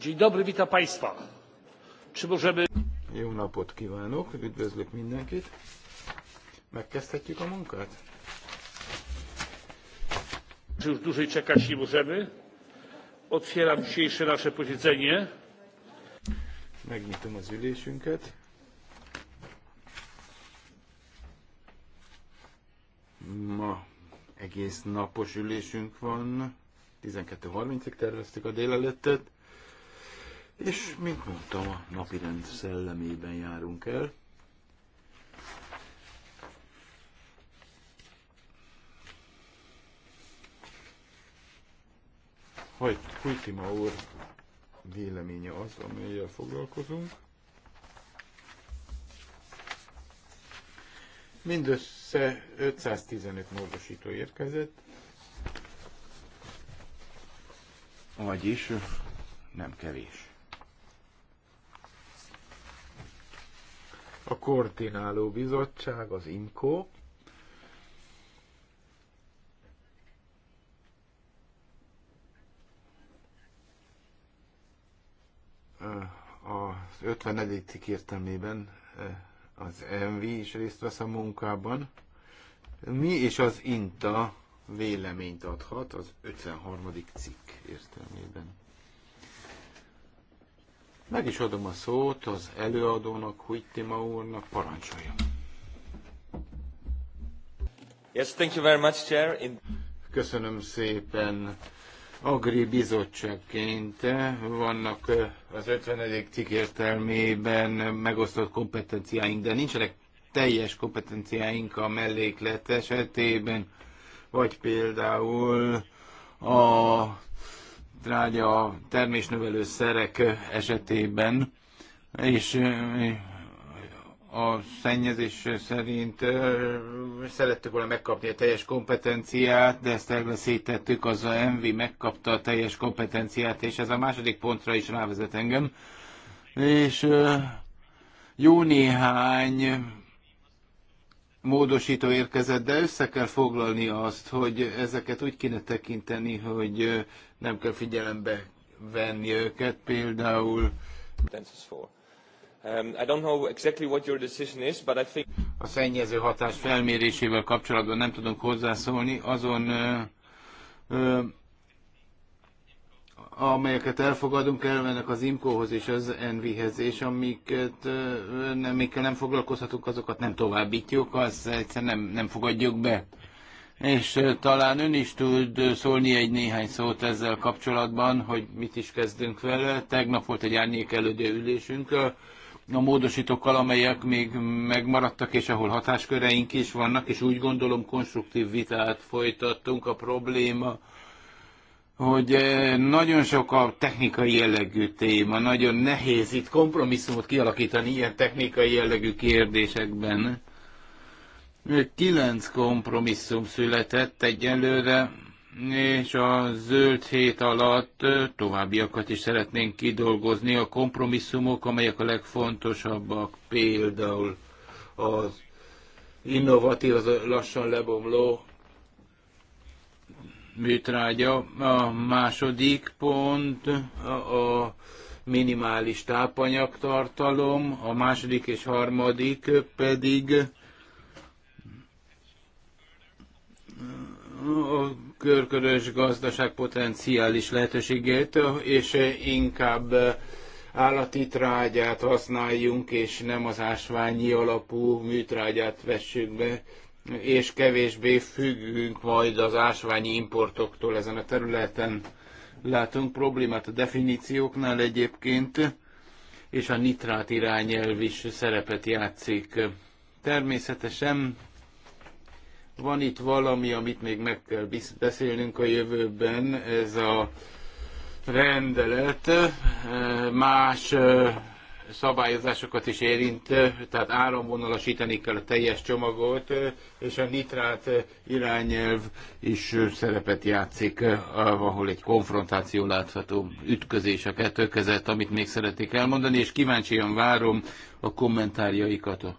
Dzień dobry, witam Państwa. Czy możemy... Jó napot kívánok, üdvözlök mindenkit. Megkezdhetjük a munkát? Czy już dłużej czekać nie możemy? Otwieram dzisiejsze nasze posiedzenie. Megnyitom az ülésünket. Ma egész napos ülésünk van. 12.30-ig terveztük a délelőttet. És, mint mondtam, a napirend szellemében járunk el. Hogy Kultima úr véleménye az, amelyel foglalkozunk. Mindössze 515 módosító érkezett, vagyis nem kevés. a koordináló bizottság, az Inco. az 54. cikk értelmében az MV is részt vesz a munkában. Mi és az INTA véleményt adhat az 53. cikk értelmében. Meg is adom a szót az előadónak, Huittima úrnak, parancsoljon. Yes, thank you very much, Chair. In... Köszönöm szépen. Agri bizottságként vannak eh, az 50. cikk értelmében megosztott kompetenciáink, de nincsenek teljes kompetenciáink a melléklet esetében, vagy például a trágya a termésnövelő szerek esetében, és a szennyezés szerint szerettük volna megkapni a teljes kompetenciát, de ezt elveszítettük, az a MV megkapta a teljes kompetenciát, és ez a második pontra is rávezet engem. És jó néhány módosító érkezett, de össze kell foglalni azt, hogy ezeket úgy kéne tekinteni, hogy nem kell figyelembe venni őket, például um, a szennyező hatás felmérésével kapcsolatban nem tudunk hozzászólni, azon amelyeket elfogadunk, elmennek az IMCO-hoz és az nv hez és amiket nem, amikkel nem foglalkozhatunk, azokat nem továbbítjuk, az egyszerűen nem, nem fogadjuk be. És talán ön is tud szólni egy néhány szót ezzel kapcsolatban, hogy mit is kezdünk vele. Tegnap volt egy árnyék elődő ülésünk a módosítókkal, amelyek még megmaradtak, és ahol hatásköreink is vannak, és úgy gondolom konstruktív vitát folytattunk a probléma hogy eh, nagyon sok a technikai jellegű téma, nagyon nehéz itt kompromisszumot kialakítani ilyen technikai jellegű kérdésekben. Kilenc kompromisszum született egyelőre, és a zöld hét alatt eh, továbbiakat is szeretnénk kidolgozni. A kompromisszumok, amelyek a legfontosabbak, például az innovatív, az lassan lebomló műtrágya. A második pont a minimális tápanyagtartalom, a második és harmadik pedig a körkörös gazdaság potenciális lehetőségét, és inkább állati trágyát használjunk, és nem az ásványi alapú műtrágyát vessük be és kevésbé függünk majd az ásványi importoktól ezen a területen. Látunk problémát a definícióknál egyébként, és a nitrát irányelv is szerepet játszik. Természetesen van itt valami, amit még meg kell beszélnünk a jövőben, ez a rendelet más szabályozásokat is érint, tehát áramvonalasítani kell a teljes csomagot, és a nitrát irányelv is szerepet játszik, ahol egy konfrontáció látható, ütközés a kettő között, amit még szeretnék elmondani, és kíváncsian várom a kommentárjaikat, a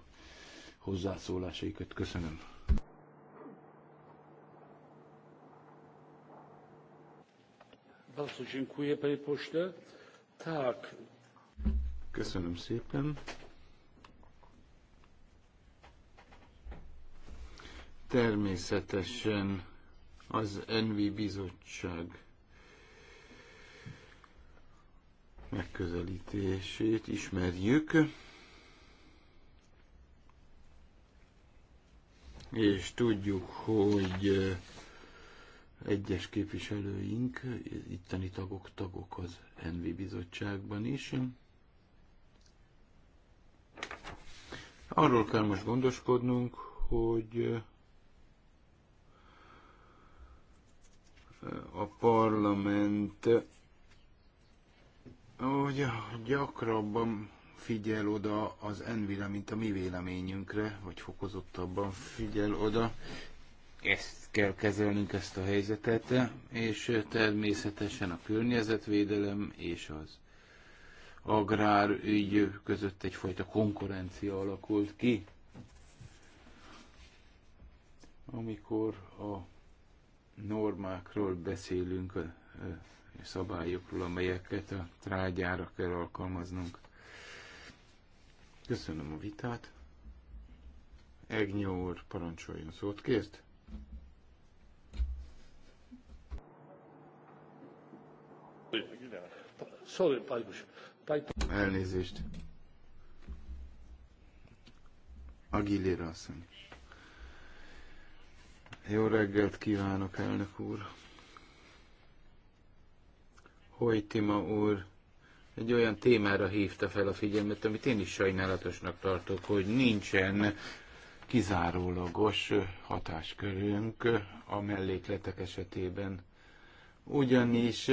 hozzászólásaikat. Köszönöm. Bardzo dziękuję, panie pośle. Tak, Köszönöm szépen. Természetesen az NV bizottság megközelítését ismerjük. És tudjuk, hogy egyes képviselőink, itteni tagok, tagok az NV bizottságban is, Arról kell most gondoskodnunk, hogy eh, a parlament hogy gyakrabban figyel oda az envire, mint a mi véleményünkre, vagy fokozottabban figyel oda. Ezt kell kezelnünk ezt a helyzetet, és természetesen a környezetvédelem és az agrárügy között egyfajta konkurencia alakult ki. Amikor a normákról beszélünk, a szabályokról, amelyeket a trágyára kell alkalmaznunk. Köszönöm a vitát. Egnyó úr, parancsoljon szót, kért? Sorry, Pálmus. Elnézést. Agilira asszony. Jó reggelt kívánok, elnök úr. Hojtima úr egy olyan témára hívta fel a figyelmet, amit én is sajnálatosnak tartok, hogy nincsen kizárólagos hatáskörünk a mellékletek esetében. Ugyanis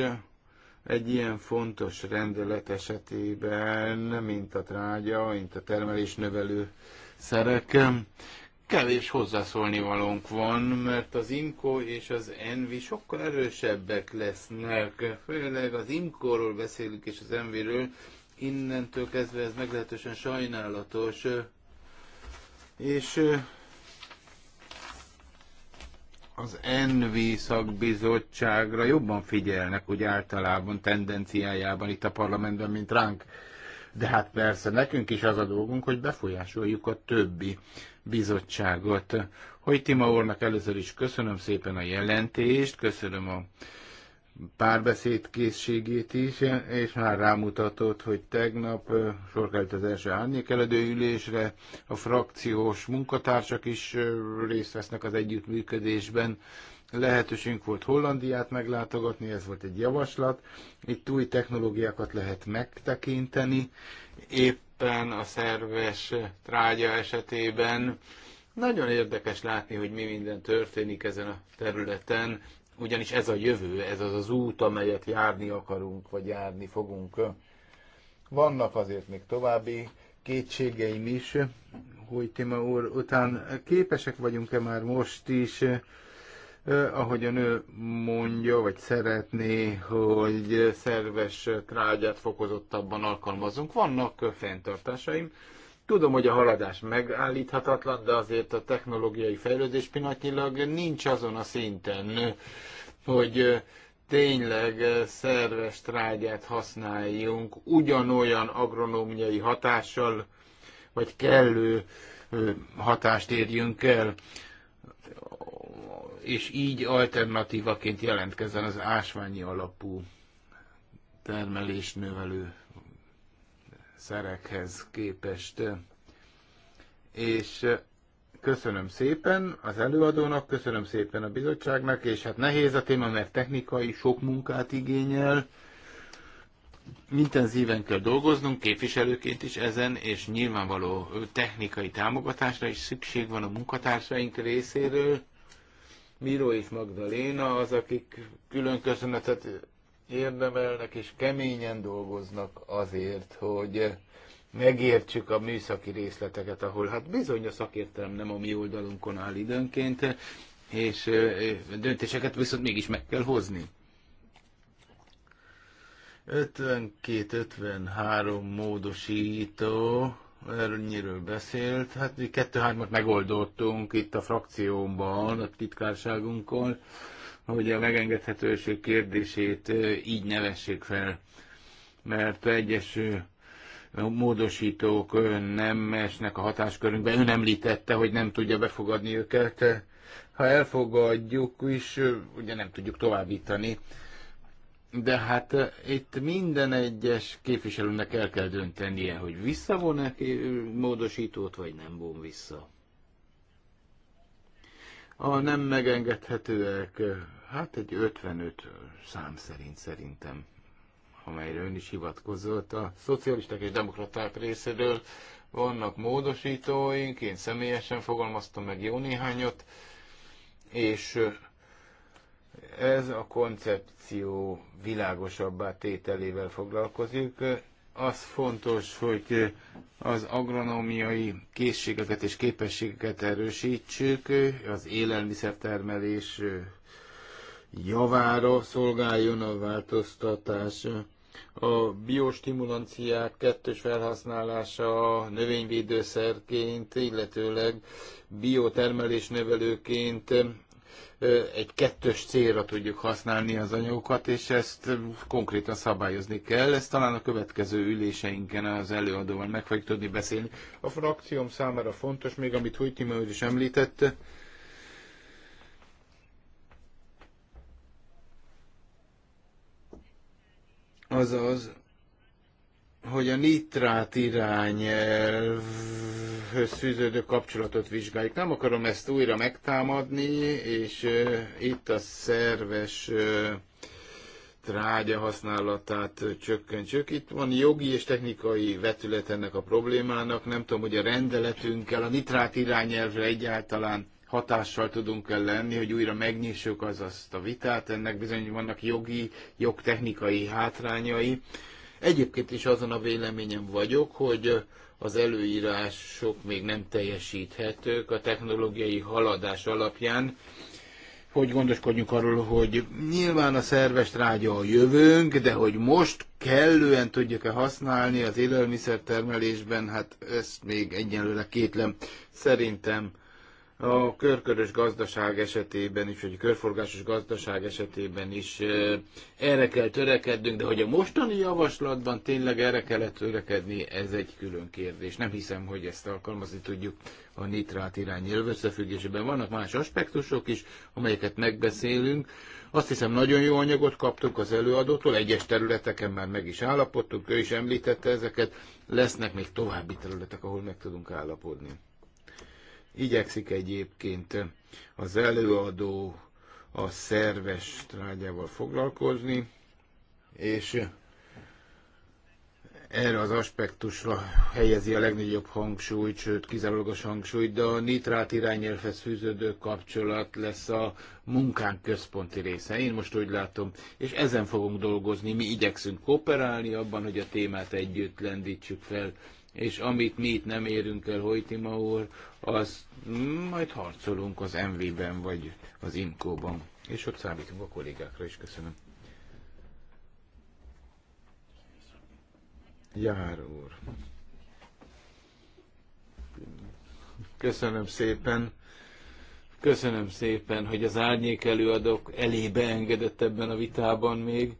egy ilyen fontos rendelet esetében, mint a trágya, mint a termelés növelő szerek, kevés hozzászólni valónk van, mert az IMCO és az ENVI sokkal erősebbek lesznek. Főleg az IMCO-ról beszélünk és az ENVI-ről, innentől kezdve ez meglehetősen sajnálatos. És az NV szakbizottságra jobban figyelnek, úgy általában tendenciájában itt a parlamentben, mint ránk. De hát persze, nekünk is az a dolgunk, hogy befolyásoljuk a többi bizottságot. Hogy Tima úrnak először is köszönöm szépen a jelentést, köszönöm a párbeszéd készségét is, és már rámutatott, hogy tegnap sor került az első árnyékeledő ülésre, a frakciós munkatársak is részt vesznek az együttműködésben, lehetőségünk volt Hollandiát meglátogatni, ez volt egy javaslat. Itt új technológiákat lehet megtekinteni. Éppen a szerves trágya esetében nagyon érdekes látni, hogy mi minden történik ezen a területen ugyanis ez a jövő, ez az az út, amelyet járni akarunk, vagy járni fogunk. Vannak azért még további kétségeim is, hogy Tima úr, után képesek vagyunk-e már most is, eh, ahogy a nő mondja, vagy szeretné, hogy szerves trágyát fokozottabban alkalmazunk. Vannak fenntartásaim, Tudom, hogy a haladás megállíthatatlan, de azért a technológiai fejlődés pillanatnyilag nincs azon a szinten, hogy tényleg szerves trágyát használjunk ugyanolyan agronómiai hatással, vagy kellő hatást érjünk el, és így alternatívaként jelentkezzen az ásványi alapú termelés növelő szerekhez képest. És köszönöm szépen az előadónak, köszönöm szépen a bizottságnak, és hát nehéz a téma, mert technikai sok munkát igényel. Intenzíven kell dolgoznunk képviselőként is ezen, és nyilvánvaló technikai támogatásra is szükség van a munkatársaink részéről. Miró és Magdaléna az, akik külön köszönetet érdemelnek, és keményen dolgoznak azért, hogy megértsük a műszaki részleteket, ahol hát bizony a szakértelem nem a mi oldalunkon áll időnként, és döntéseket viszont mégis meg kell hozni. 52-53 módosító, erről nyiről hát mi kettő-hármat megoldottunk itt a frakciómban, a titkárságunkon hogy a megengedhetőség kérdését így nevessék fel, mert egyes módosítók nem esnek a hatáskörünkbe. Ön említette, hogy nem tudja befogadni őket. Ha elfogadjuk is, ugye nem tudjuk továbbítani. De hát itt minden egyes képviselőnek el kell döntenie, hogy visszavon-e módosítót, vagy nem von vissza. A nem megengedhetőek Hát egy 55 szám szerint szerintem, amelyre ön is hivatkozott. A szocialisták és demokraták részéről vannak módosítóink, én személyesen fogalmaztam meg jó néhányat, és ez a koncepció világosabbá tételével foglalkozik. Az fontos, hogy az agronómiai készségeket és képességeket erősítsük, az élelmiszertermelés javára szolgáljon a változtatás. A biostimulanciák kettős felhasználása növényvédőszerként, illetőleg biotermelés növelőként egy kettős célra tudjuk használni az anyagokat, és ezt konkrétan szabályozni kell. Ezt talán a következő üléseinken az előadóval meg fogjuk tudni beszélni. A frakcióm számára fontos, még amit Hújtima úr is említette, azaz, hogy a nitrát irányelvhöz fűződő kapcsolatot vizsgáljuk. Nem akarom ezt újra megtámadni, és uh, itt a szerves uh, trágya használatát csökkentsük. Itt van jogi és technikai vetület ennek a problémának. Nem tudom, hogy a rendeletünkkel, a nitrát irányelvre egyáltalán hatással tudunk -e lenni, hogy újra megnyissuk az azt a vitát, ennek bizony vannak jogi, jogtechnikai hátrányai. Egyébként is azon a véleményem vagyok, hogy az előírások még nem teljesíthetők a technológiai haladás alapján, hogy gondoskodjunk arról, hogy nyilván a szerves trágya a jövőnk, de hogy most kellően tudjuk-e használni az élelmiszertermelésben, hát ezt még egyenlőre kétlem. Szerintem a körkörös gazdaság esetében is, vagy a körforgásos gazdaság esetében is erre kell törekednünk, de hogy a mostani javaslatban tényleg erre kellett törekedni, ez egy külön kérdés. Nem hiszem, hogy ezt alkalmazni tudjuk a nitrát irányelv összefüggésében. Vannak más aspektusok is, amelyeket megbeszélünk. Azt hiszem, nagyon jó anyagot kaptunk az előadótól, egyes területeken már meg is állapodtunk, ő is említette ezeket, lesznek még további területek, ahol meg tudunk állapodni. Igyekszik egyébként az előadó a szerves trágyával foglalkozni, és erre az aspektusra helyezi a legnagyobb hangsúlyt, sőt kizárólagos hangsúlyt, de a nitrát irányelvhez fűződő kapcsolat lesz a munkánk központi része. Én most úgy látom, és ezen fogunk dolgozni, mi igyekszünk kooperálni abban, hogy a témát együtt lendítsük fel, és amit mi itt nem érünk el, Hojtima úr, az majd harcolunk az MV-ben, vagy az IMCO-ban. És ott számítunk a kollégákra is. Köszönöm. Jár úr. Köszönöm szépen. Köszönöm szépen, hogy az árnyék előadók elébe engedett ebben a vitában még.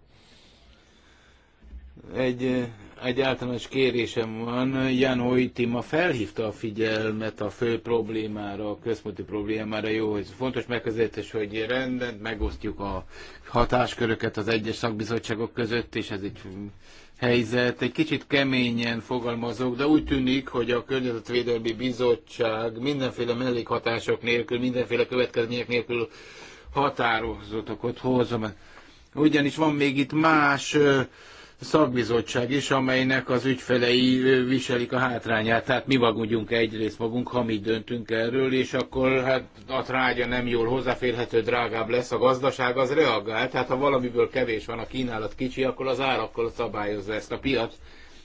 Egy egy általános kérésem van, Jan Oitima felhívta a figyelmet a fő problémára, a központi problémára, jó, hogy fontos megközelítés, hogy rendben megosztjuk a hatásköröket az egyes szakbizottságok között, és ez egy helyzet. Egy kicsit keményen fogalmazok, de úgy tűnik, hogy a Környezetvédelmi Bizottság mindenféle mellékhatások nélkül, mindenféle következmények nélkül határozatokat hozom. Ugyanis van még itt más szakbizottság is, amelynek az ügyfelei viselik a hátrányát. Tehát mi magunjunk egyrészt magunk, ha mi döntünk erről, és akkor hát a trágya nem jól hozzáférhető, drágább lesz, a gazdaság az reagál. Tehát ha valamiből kevés van, a kínálat kicsi, akkor az árakkal szabályozza ezt a piac.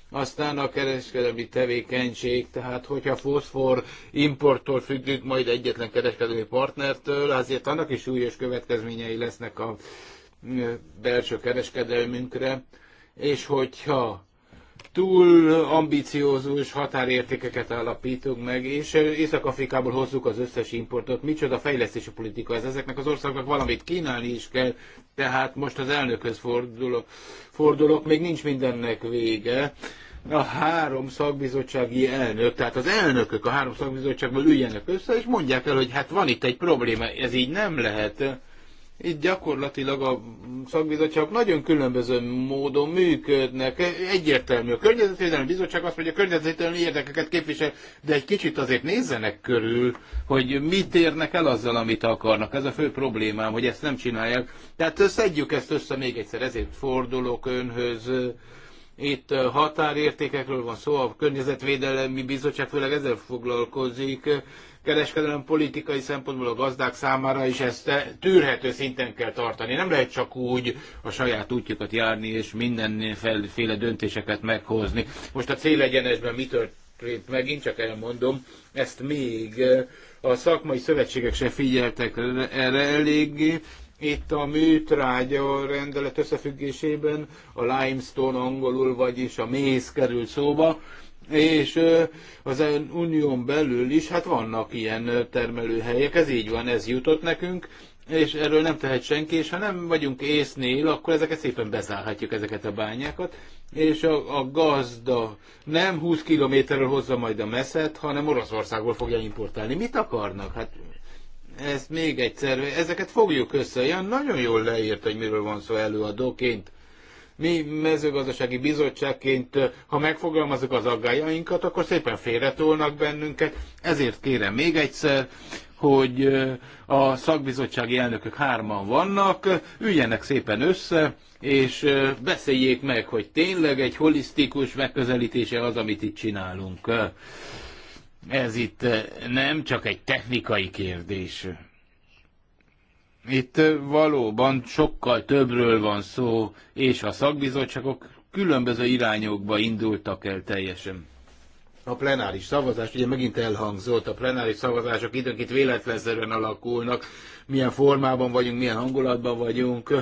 Aztán a kereskedelmi tevékenység, tehát hogyha foszfor importtól függünk majd egyetlen kereskedelmi partnertől, azért annak is súlyos következményei lesznek a belső kereskedelmünkre és hogyha túl ambiciózus határértékeket alapítunk meg, és Észak-Afrikából hozzuk az összes importot. Micsoda fejlesztési politika ez? Ezeknek az országoknak valamit kínálni is kell, tehát most az elnökhöz fordulok, fordulok még nincs mindennek vége. A három szakbizottsági elnök, tehát az elnökök a három szakbizottságból üljenek össze, és mondják el, hogy hát van itt egy probléma, ez így nem lehet itt gyakorlatilag a szakbizottságok nagyon különböző módon működnek. Egyértelmű. A Környezetvédelmi Bizottság azt mondja, hogy a környezetvédelmi érdekeket képvisel, de egy kicsit azért nézzenek körül, hogy mit érnek el azzal, amit akarnak. Ez a fő problémám, hogy ezt nem csinálják. Tehát szedjük ezt össze még egyszer, ezért fordulok önhöz. Itt határértékekről van szó, a Környezetvédelmi Bizottság főleg ezzel foglalkozik kereskedelem politikai szempontból a gazdák számára is ezt tűrhető szinten kell tartani. Nem lehet csak úgy a saját útjukat járni és mindenféle döntéseket meghozni. Most a célegyenesben mi történt megint, csak elmondom, ezt még eh, a szakmai szövetségek se figyeltek erre eléggé, itt a műtrágya rendelet összefüggésében a limestone angolul, vagyis a méz kerül szóba és az unión belül is, hát vannak ilyen termelőhelyek, ez így van, ez jutott nekünk, és erről nem tehet senki, és ha nem vagyunk észnél, akkor ezeket szépen bezárhatjuk, ezeket a bányákat, és a, a gazda nem 20 kilométerről hozza majd a meszet, hanem Oroszországból fogja importálni. Mit akarnak? Hát ezt még egyszer, ezeket fogjuk össze. Jan nagyon jól leírt, hogy miről van szó előadóként mi mezőgazdasági bizottságként, ha megfogalmazok az aggájainkat, akkor szépen félretolnak bennünket. Ezért kérem még egyszer, hogy a szakbizottsági elnökök hárman vannak, üljenek szépen össze, és beszéljék meg, hogy tényleg egy holisztikus megközelítése az, amit itt csinálunk. Ez itt nem csak egy technikai kérdés. Itt valóban sokkal többről van szó, és a szakbizottságok különböző irányokba indultak el teljesen. A plenáris szavazás, ugye megint elhangzott, a plenáris szavazások időnként véletlenszerűen alakulnak, milyen formában vagyunk, milyen hangulatban vagyunk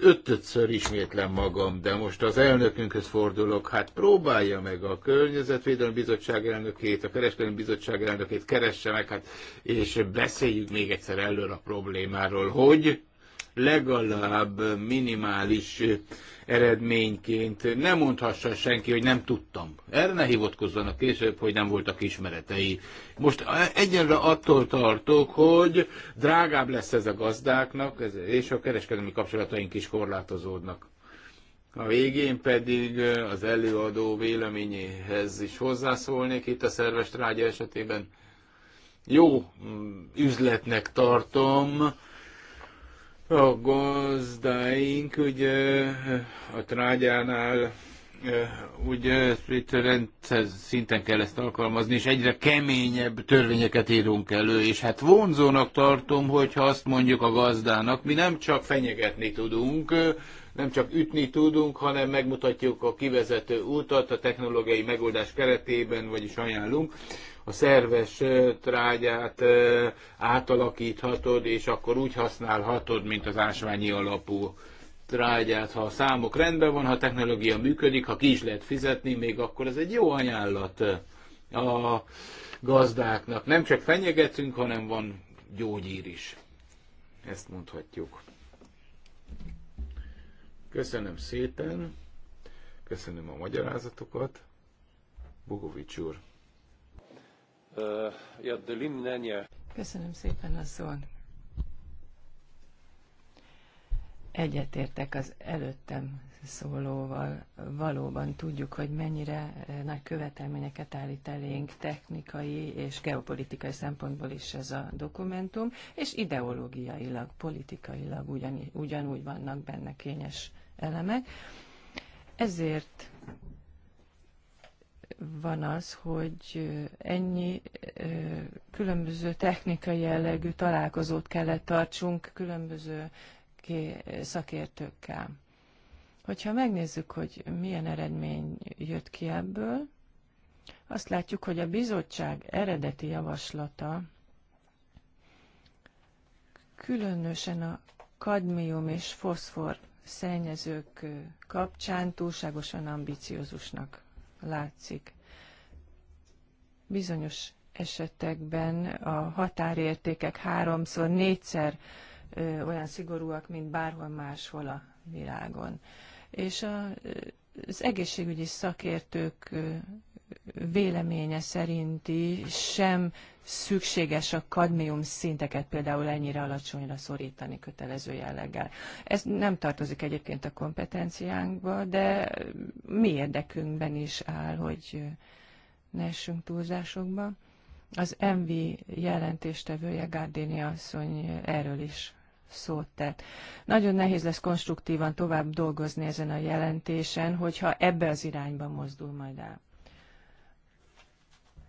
ötödször ismétlem magam, de most az elnökünkhöz fordulok, hát próbálja meg a Környezetvédelmi Bizottság elnökét, a Kereskedelmi Bizottság elnökét, keresse meg, hát, és beszéljük még egyszer előre a problémáról, hogy legalább minimális eredményként nem mondhassa senki, hogy nem tudtam. Erre ne hivatkozzanak később, hogy nem voltak ismeretei. Most egyenre attól tartok, hogy drágább lesz ez a gazdáknak, és a kereskedelmi kapcsolataink is korlátozódnak. A végén pedig az előadó véleményéhez is hozzászólnék itt a szerves trágya esetében. Jó mm, üzletnek tartom, a gazdáink ugye a trágyánál ugye itt rendszer szinten kell ezt alkalmazni, és egyre keményebb törvényeket írunk elő, és hát vonzónak tartom, hogyha azt mondjuk a gazdának, mi nem csak fenyegetni tudunk, nem csak ütni tudunk, hanem megmutatjuk a kivezető útat a technológiai megoldás keretében, vagyis ajánlunk. A szerves trágyát átalakíthatod, és akkor úgy használhatod, mint az ásványi alapú trágyát. Ha a számok rendben van, ha a technológia működik, ha ki is lehet fizetni, még akkor ez egy jó ajánlat a gazdáknak. Nem csak fenyegetünk, hanem van gyógyír is. Ezt mondhatjuk. Köszönöm szépen, köszönöm a magyarázatokat. Bogovics úr. Köszönöm szépen a szót. Egyetértek az előttem szólóval. Valóban tudjuk, hogy mennyire eh, nagy követelményeket állít elénk technikai és geopolitikai szempontból is ez a dokumentum, és ideológiailag, politikailag ugyanúgy vannak benne kényes elemek. Ezért van az, hogy ennyi különböző technikai jellegű találkozót kellett tartsunk különböző szakértőkkel. Hogyha megnézzük, hogy milyen eredmény jött ki ebből, azt látjuk, hogy a bizottság eredeti javaslata különösen a kadmium és foszfor szennyezők kapcsán túlságosan ambiciózusnak látszik. Bizonyos esetekben a határértékek háromszor, négyszer olyan szigorúak, mint bárhol máshol a világon. És a, az egészségügyi szakértők véleménye szerinti sem szükséges a kadmium szinteket például ennyire alacsonyra szorítani kötelező jelleggel. Ez nem tartozik egyébként a kompetenciánkba, de mi érdekünkben is áll, hogy ne essünk túlzásokba. Az MV jelentéstevője Gárdéni asszony erről is szót tett. Nagyon nehéz lesz konstruktívan tovább dolgozni ezen a jelentésen, hogyha ebbe az irányba mozdul majd el.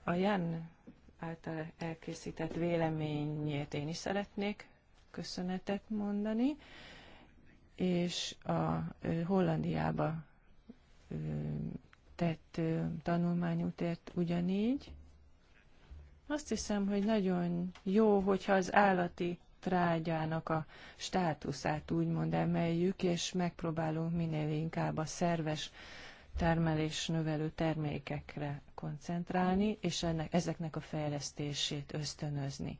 A Jan által elkészített véleményét én is szeretnék köszönetet mondani, és a Hollandiába tett tanulmányútért ugyanígy. Azt hiszem, hogy nagyon jó, hogyha az állati trágyának a státuszát úgymond emeljük, és megpróbálunk minél inkább a szerves termelés növelő termékekre koncentrálni, és ennek, ezeknek a fejlesztését ösztönözni.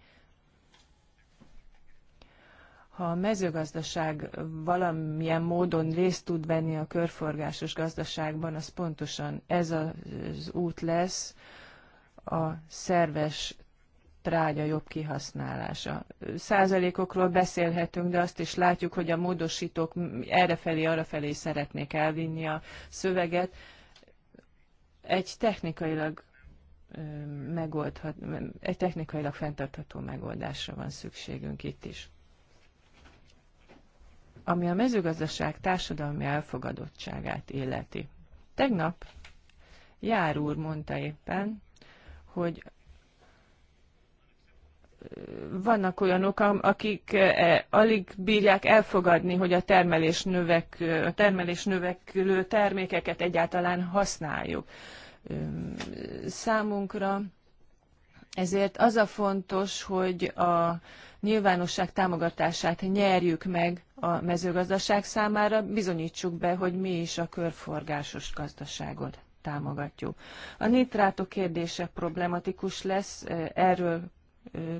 Ha a mezőgazdaság valamilyen módon részt tud venni a körforgásos gazdaságban, az pontosan ez az út lesz a szerves trágya jobb kihasználása. Százalékokról beszélhetünk, de azt is látjuk, hogy a módosítók errefelé, arrafelé szeretnék elvinni a szöveget egy technikailag megoldhat, egy technikailag fenntartható megoldásra van szükségünk itt is. Ami a mezőgazdaság társadalmi elfogadottságát illeti. Tegnap Jár úr mondta éppen, hogy vannak olyanok, akik e, alig bírják elfogadni, hogy a termelés, növek, a termelés növeklő termékeket egyáltalán használjuk számunkra. Ezért az a fontos, hogy a nyilvánosság támogatását nyerjük meg a mezőgazdaság számára, bizonyítsuk be, hogy mi is a körforgásos gazdaságot támogatjuk. A nitrátok kérdése problematikus lesz, erről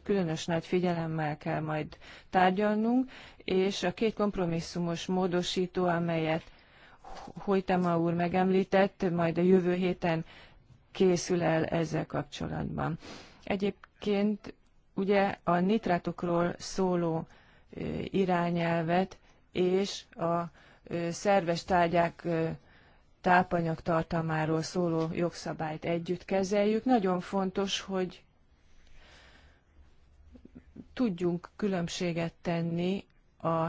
különös nagy figyelemmel kell majd tárgyalnunk, és a két kompromisszumos módosító, amelyet Hojtema úr megemlített, majd a jövő héten készül el ezzel kapcsolatban. Egyébként ugye a nitrátokról szóló irányelvet és a szerves tárgyák tápanyag tartalmáról szóló jogszabályt együtt kezeljük. Nagyon fontos, hogy tudjunk különbséget tenni a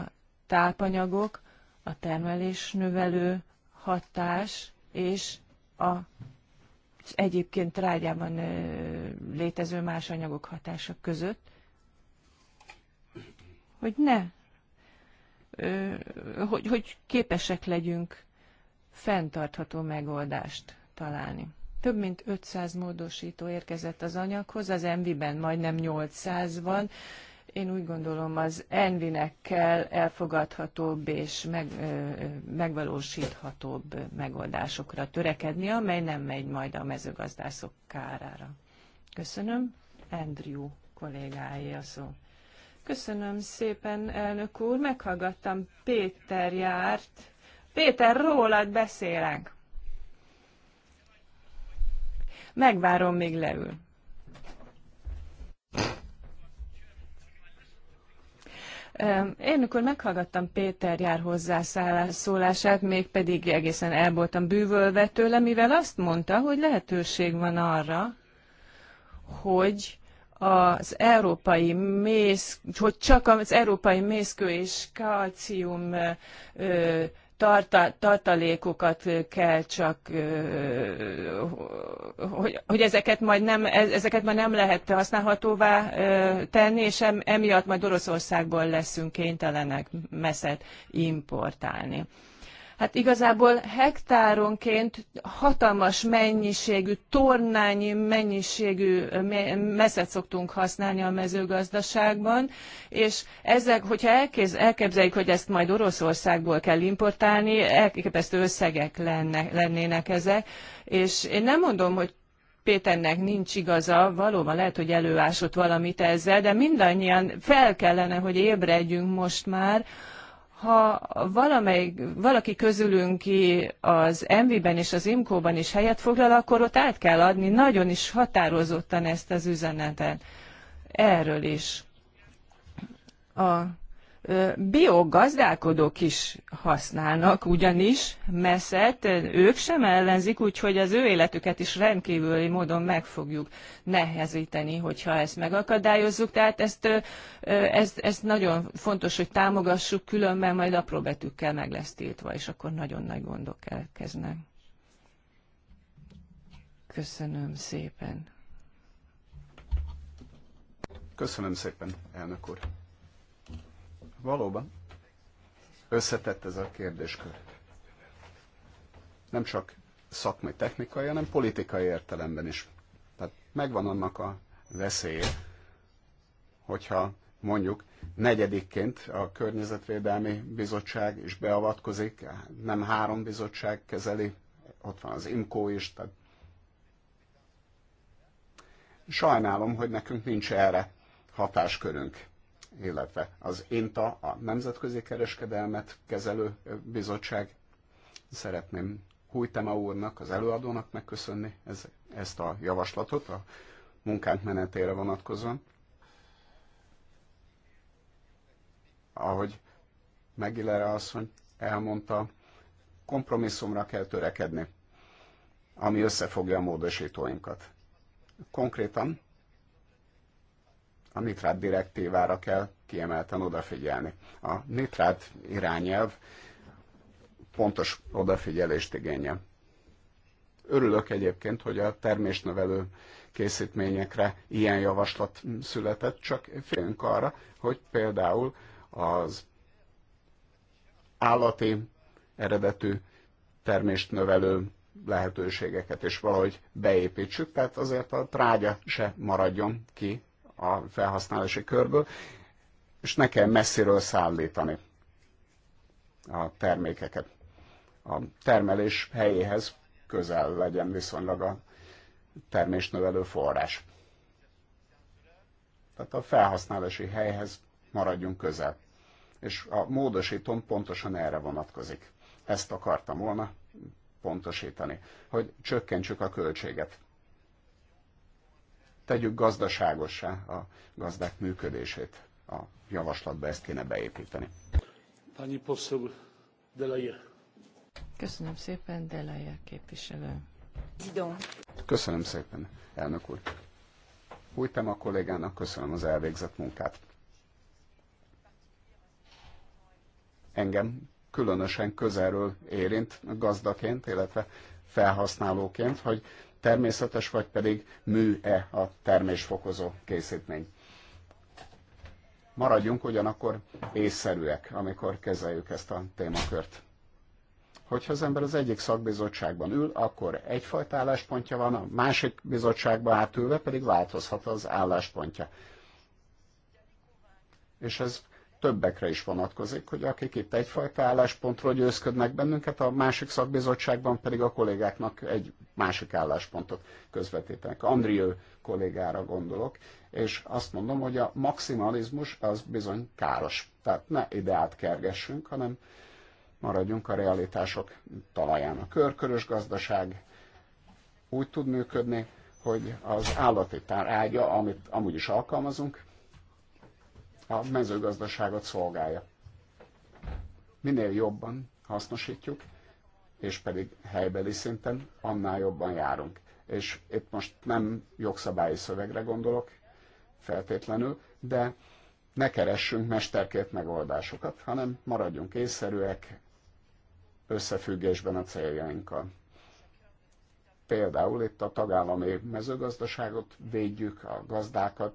tápanyagok, a termelés növelő hatás és a egyébként trágyában létező más anyagok hatása között, hogy ne, hogy, hogy képesek legyünk fenntartható megoldást találni. Több mint 500 módosító érkezett az anyaghoz, az MV-ben majdnem 800 van, én úgy gondolom az Envinek kell elfogadhatóbb és meg, megvalósíthatóbb megoldásokra törekedni, amely nem megy majd a mezőgazdászok kárára. Köszönöm. Andrew kollégáé a szó. Köszönöm szépen, elnök úr. Meghallgattam Péter járt. Péter, rólad beszélek. Megvárom, még leül. Én úr, meghallgattam Péter jár hozzászólását, mégpedig egészen el voltam bűvölve tőle, mivel azt mondta, hogy lehetőség van arra, hogy az európai mész, hogy csak az európai mészkő és kalcium tartalékokat kell csak, hogy, hogy ezeket, majd nem, e, ezeket majd nem lehet használhatóvá tenni, és emiatt majd Oroszországból leszünk kénytelenek meszet importálni hát igazából hektáronként hatalmas mennyiségű, tornányi mennyiségű meszet szoktunk használni a mezőgazdaságban, és ezek, hogyha elkez, elképzeljük, hogy ezt majd Oroszországból kell importálni, elképesztő összegek lenne, lennének ezek, és én nem mondom, hogy Péternek nincs igaza, valóban lehet, hogy előásott valamit ezzel, de mindannyian fel kellene, hogy ébredjünk most már ha valamelyik, valaki közülünk ki az MV-ben és az imco ban is helyet foglal, akkor ott át kell adni nagyon is határozottan ezt az üzenetet. Erről is. A biogazdálkodók is használnak, ugyanis meszet ők sem ellenzik, úgyhogy az ő életüket is rendkívüli módon meg fogjuk nehezíteni, hogyha ezt megakadályozzuk. Tehát ezt, ezt, ezt nagyon fontos, hogy támogassuk, különben majd apró betűkkel meg lesz tiltva, és akkor nagyon nagy gondok elkeznek. Köszönöm szépen. Köszönöm szépen, elnök úr. Valóban összetett ez a kérdéskör. Nem csak szakmai, technikai, hanem politikai értelemben is. Tehát megvan annak a veszélye, hogyha mondjuk negyedikként a Környezetvédelmi Bizottság is beavatkozik, nem három bizottság kezeli, ott van az IMCO is, tehát sajnálom, hogy nekünk nincs erre hatáskörünk illetve az INTA, a Nemzetközi Kereskedelmet Kezelő Bizottság. Szeretném Hújtema úrnak, az előadónak megköszönni ez, ezt a javaslatot a munkánk menetére vonatkozóan. Ahogy Megillere asszony elmondta, kompromisszumra kell törekedni, ami összefogja a módosítóinkat. Konkrétan a nitrát direktívára kell kiemelten odafigyelni. A nitrát irányelv pontos odafigyelést igényel. Örülök egyébként, hogy a termésnövelő készítményekre ilyen javaslat született, csak félünk arra, hogy például az állati eredetű termést növelő lehetőségeket is valahogy beépítsük, tehát azért a trágya se maradjon ki a felhasználási körből, és ne kell messziről szállítani a termékeket. A termelés helyéhez közel legyen viszonylag a termésnövelő forrás. Tehát a felhasználási helyhez maradjunk közel. És a módosítom pontosan erre vonatkozik. Ezt akartam volna pontosítani, hogy csökkentsük a költséget tegyük gazdaságosá a gazdák működését. A javaslatba ezt kéne beépíteni. Pani poseł Delayer. Köszönöm szépen, Delayer képviselő. Köszönöm szépen, elnök úr. Új a kollégának, köszönöm az elvégzett munkát. Engem különösen közelről érint gazdaként, illetve felhasználóként, hogy természetes, vagy pedig mű-e a termésfokozó készítmény. Maradjunk ugyanakkor észszerűek, amikor kezeljük ezt a témakört. Hogyha az ember az egyik szakbizottságban ül, akkor egyfajta álláspontja van, a másik bizottságban átülve pedig változhat az álláspontja. És ez többekre is vonatkozik, hogy akik itt egyfajta álláspontról győzködnek bennünket, a másik szakbizottságban pedig a kollégáknak egy másik álláspontot közvetítenek. Andrió kollégára gondolok, és azt mondom, hogy a maximalizmus az bizony káros. Tehát ne ideát kergessünk, hanem maradjunk a realitások talaján. A körkörös gazdaság úgy tud működni, hogy az állati tárgya, amit amúgy is alkalmazunk, a mezőgazdaságot szolgálja. Minél jobban hasznosítjuk, és pedig helybeli szinten, annál jobban járunk. És itt most nem jogszabályi szövegre gondolok feltétlenül, de ne keressünk mesterkét megoldásokat, hanem maradjunk észszerűek összefüggésben a céljainkkal. Például itt a tagállami mezőgazdaságot védjük, a gazdákat,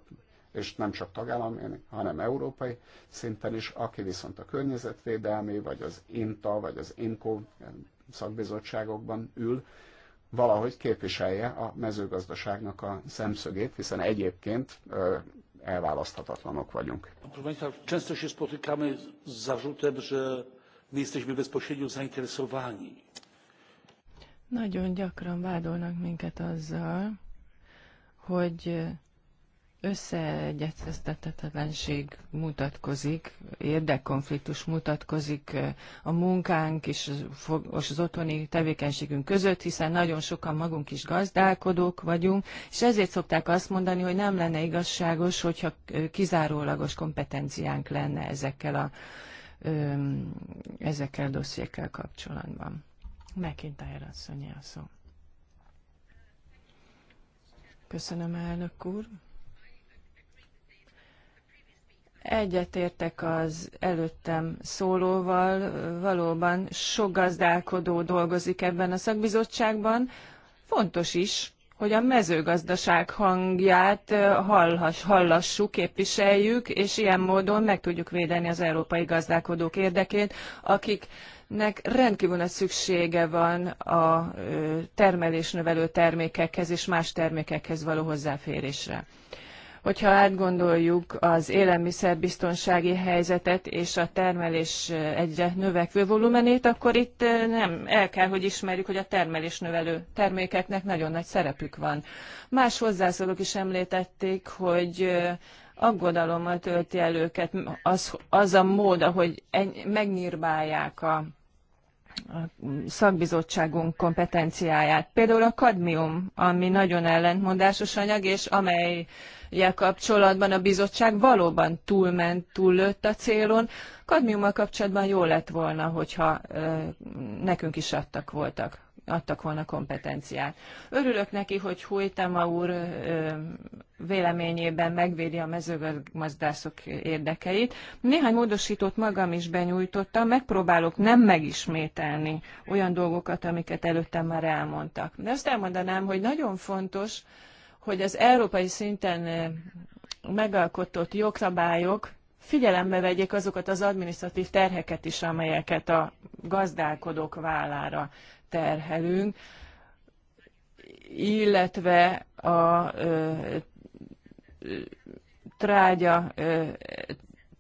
és nem csak tagállami, hanem európai szinten is, aki viszont a környezetvédelmi, vagy az INTA, vagy az INCO szakbizottságokban ül, valahogy képviselje a mezőgazdaságnak a szemszögét, hiszen egyébként elválaszthatatlanok vagyunk. Często się spotykamy z zarzutem, że nie jesteśmy bezpośrednio zainteresowani. Nagyon gyakran vádolnak minket azzal, hogy összeegyeztetetlenség mutatkozik, érdekkonfliktus mutatkozik eh, a munkánk és az otthoni tevékenységünk között, hiszen nagyon sokan magunk is gazdálkodók vagyunk, és ezért szokták azt mondani, hogy nem lenne igazságos, hogyha eh, kizárólagos kompetenciánk lenne ezekkel a, ezekkel a dossziékkel kapcsolatban. McIntyre asszonyi a szó. Köszönöm, elnök úr. Egyetértek az előttem szólóval, valóban sok gazdálkodó dolgozik ebben a szakbizottságban. Fontos is, hogy a mezőgazdaság hangját hallhass, hallassuk, képviseljük, és ilyen módon meg tudjuk védeni az európai gazdálkodók érdekét, akiknek rendkívül nagy szüksége van a termelésnövelő termékekhez és más termékekhez való hozzáférésre. Hogyha átgondoljuk az élelmiszerbiztonsági helyzetet és a termelés egyre növekvő volumenét, akkor itt eh, nem el kell, hogy ismerjük, hogy a termelés növelő termékeknek nagyon nagy szerepük van. Más hozzászólók is említették, hogy eh, aggodalommal tölti el őket az, az a mód, ahogy megnyírbálják a a szakbizottságunk kompetenciáját. Például a kadmium, ami nagyon ellentmondásos anyag, és amelyel kapcsolatban a bizottság valóban túlment, túllőtt a célon. Kadmiummal kapcsolatban jó lett volna, hogyha ö, nekünk is adtak voltak adtak volna kompetenciát. Örülök neki, hogy Hújtama úr véleményében megvédi a mezőgazdászok érdekeit. Néhány módosítót magam is benyújtottam, megpróbálok nem megismételni olyan dolgokat, amiket előttem már elmondtak. De azt elmondanám, hogy nagyon fontos, hogy az európai szinten megalkotott jogszabályok figyelembe vegyék azokat az administratív terheket is, amelyeket a gazdálkodók vállára terhelünk, illetve a ö, trágya ö,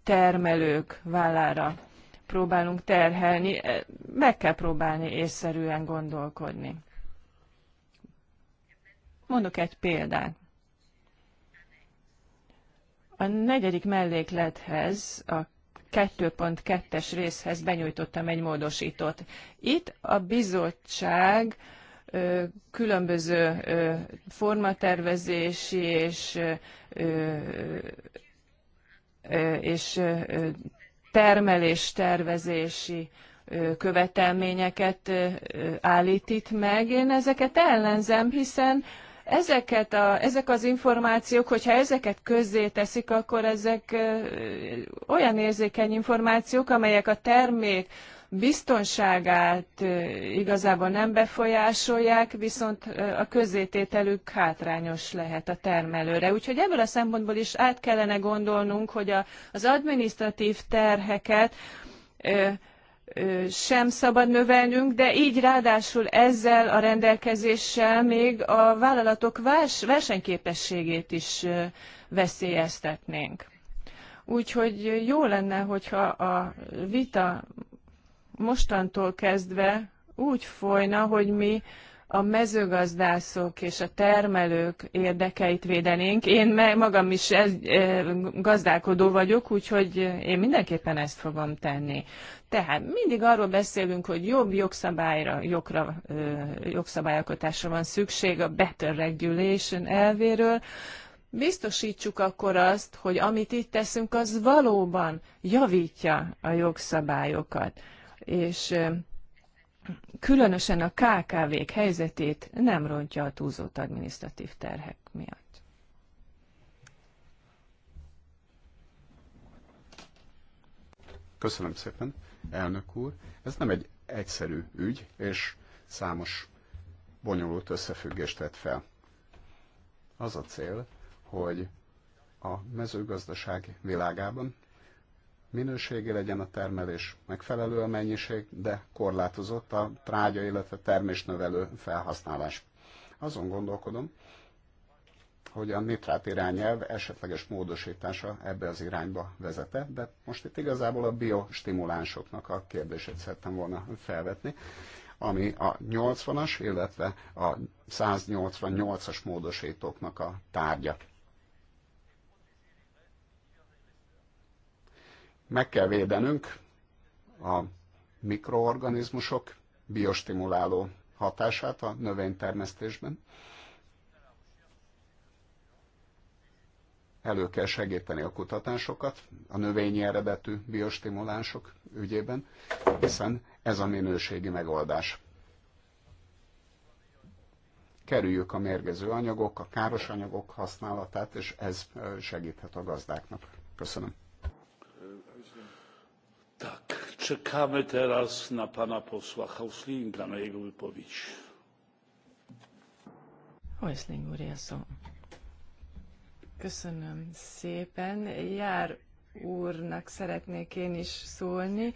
termelők vállára próbálunk terhelni, meg kell próbálni észszerűen gondolkodni. Mondok egy példát. A negyedik melléklethez, a 2.2-es részhez benyújtottam egy módosítót. Itt a bizottság különböző formatervezési és, és termeléstervezési követelményeket állít itt meg. Én ezeket ellenzem, hiszen Ezeket a, ezek az információk, hogyha ezeket közzéteszik, akkor ezek olyan érzékeny információk, amelyek a termék biztonságát igazából nem befolyásolják, viszont a közzétételük hátrányos lehet a termelőre. Úgyhogy ebből a szempontból is át kellene gondolnunk, hogy a, az administratív terheket sem szabad növelnünk, de így ráadásul ezzel a rendelkezéssel még a vállalatok vers versenyképességét is veszélyeztetnénk. Úgyhogy jó lenne, hogyha a vita mostantól kezdve úgy folyna, hogy mi a mezőgazdászok és a termelők érdekeit védenénk. Én magam is ez, gazdálkodó vagyok, úgyhogy én mindenképpen ezt fogom tenni. Tehát mindig arról beszélünk, hogy jobb jogszabályra, jogra, jogszabályalkotásra van szükség a better regulation elvéről, biztosítsuk akkor azt, hogy amit itt teszünk, az valóban javítja a jogszabályokat. És különösen a KKV-k helyzetét nem rontja a túlzott adminisztratív terhek miatt. Köszönöm szépen, elnök úr. Ez nem egy egyszerű ügy, és számos bonyolult összefüggést vett fel. Az a cél, hogy a mezőgazdaság világában minőségi legyen a termelés, megfelelő a mennyiség, de korlátozott a trágya, illetve termésnövelő felhasználás. Azon gondolkodom, hogy a nitrát irányelv esetleges módosítása ebbe az irányba vezete, de most itt igazából a biostimulánsoknak a kérdését szerettem volna felvetni, ami a 80-as, illetve a 188-as módosítóknak a tárgya. Meg kell védenünk a mikroorganizmusok biostimuláló hatását a növénytermesztésben. Elő kell segíteni a kutatásokat a növényi eredetű biostimulánsok ügyében, hiszen ez a minőségi megoldás. Kerüljük a mérgező anyagok, a káros anyagok használatát, és ez segíthet a gazdáknak. Köszönöm. Tak, czekamy teraz na pana posła Hauslinga, na jego wypowiedź. Hausling úr, Köszönöm szépen. Jár úrnak szeretnék én is szólni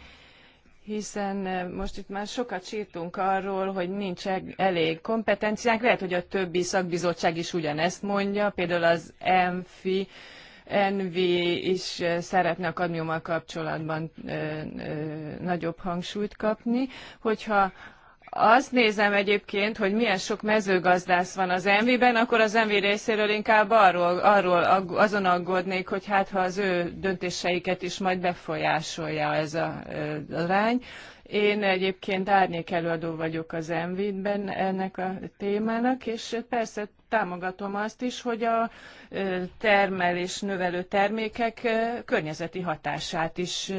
hiszen eh, most itt már sokat sírtunk arról, hogy nincs elég kompetenciánk. Lehet, hogy a többi szakbizottság is ugyanezt mondja, például az EMFI NV is eh, szeretne a kadmiummal kapcsolatban ö, eh, ö, eh, nagyobb hangsúlyt kapni. Hogyha azt nézem egyébként, hogy milyen sok mezőgazdász van az MV-ben, akkor az MV részéről inkább arról, arról azon aggódnék, hogy hát ha az ő döntéseiket is majd befolyásolja ez a arány. Én egyébként árnyék előadó vagyok az MV-ben ennek a témának, és persze támogatom azt is, hogy a termelés növelő termékek környezeti hatását is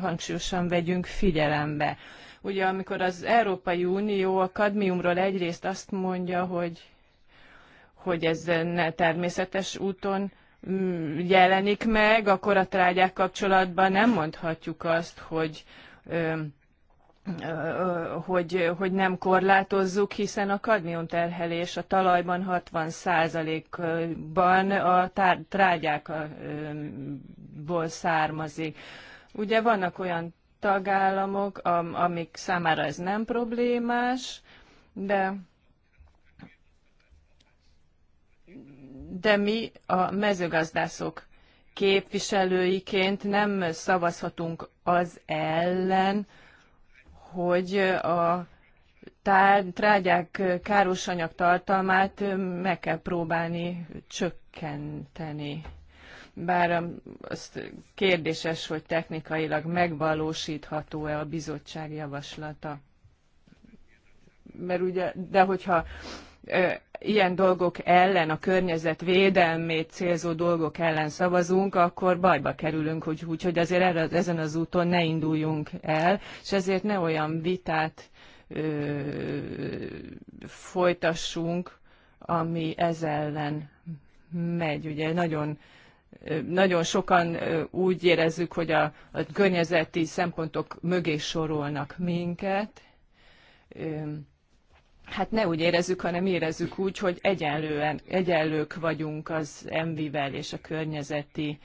hangsúlyosan vegyünk figyelembe. Ugye amikor az Európai Unió a kadmiumról egyrészt azt mondja, hogy, hogy ez ne természetes úton jelenik meg, akkor a trágyák kapcsolatban nem mondhatjuk azt, hogy hogy, hogy nem korlátozzuk, hiszen a kadmium terhelés a talajban 60%-ban a tár- trágyákból származik. Ugye vannak olyan tagállamok, amik számára ez nem problémás, de de mi a mezőgazdászok képviselőiként nem szavazhatunk az ellen, hogy a tár, trágyák káros anyag tartalmát meg kell próbálni csökkenteni. Bár azt kérdéses, hogy technikailag megvalósítható-e a bizottság javaslata. Mert ugye, de hogyha ilyen dolgok ellen, a környezet védelmét célzó dolgok ellen szavazunk, akkor bajba kerülünk, úgyhogy úgy, hogy azért erre, ezen az úton ne induljunk el, és ezért ne olyan vitát ö, folytassunk, ami ez ellen megy. Ugye nagyon nagyon sokan úgy érezzük, hogy a, a környezeti szempontok mögé sorolnak minket, hát ne úgy érezzük, hanem érezzük úgy, hogy egyenlően, egyenlők vagyunk az MV-vel és a környezeti,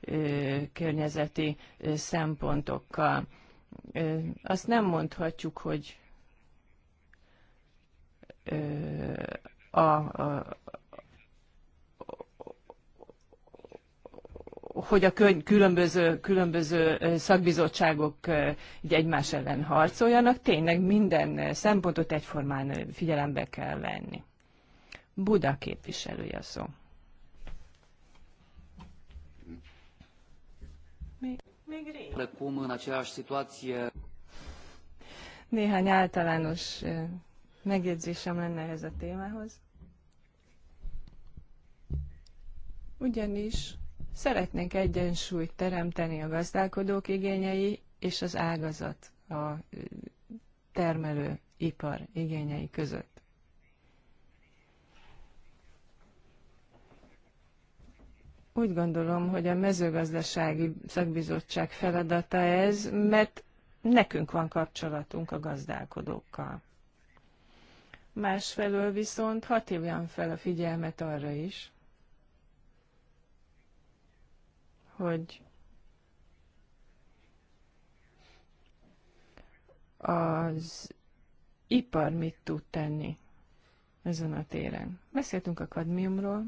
ö, környezeti ö, szempontokkal. Ö, azt nem mondhatjuk, hogy a, a, hogy a könyv különböző, különböző szakbizottságok így egymás ellen harcoljanak, tényleg minden szempontot egyformán figyelembe kell venni. Buda képviselője a szó. Néhány általános megjegyzésem lenne ehhez a témához. Ugyanis Szeretnénk egyensúlyt teremteni a gazdálkodók igényei és az ágazat, a termelő ipar igényei között. Úgy gondolom, hogy a mezőgazdasági szakbizottság feladata ez, mert nekünk van kapcsolatunk a gazdálkodókkal. Másfelől viszont hat hívjam fel a figyelmet arra is, hogy az ipar mit tud tenni ezen a téren. Beszéltünk a kadmiumról,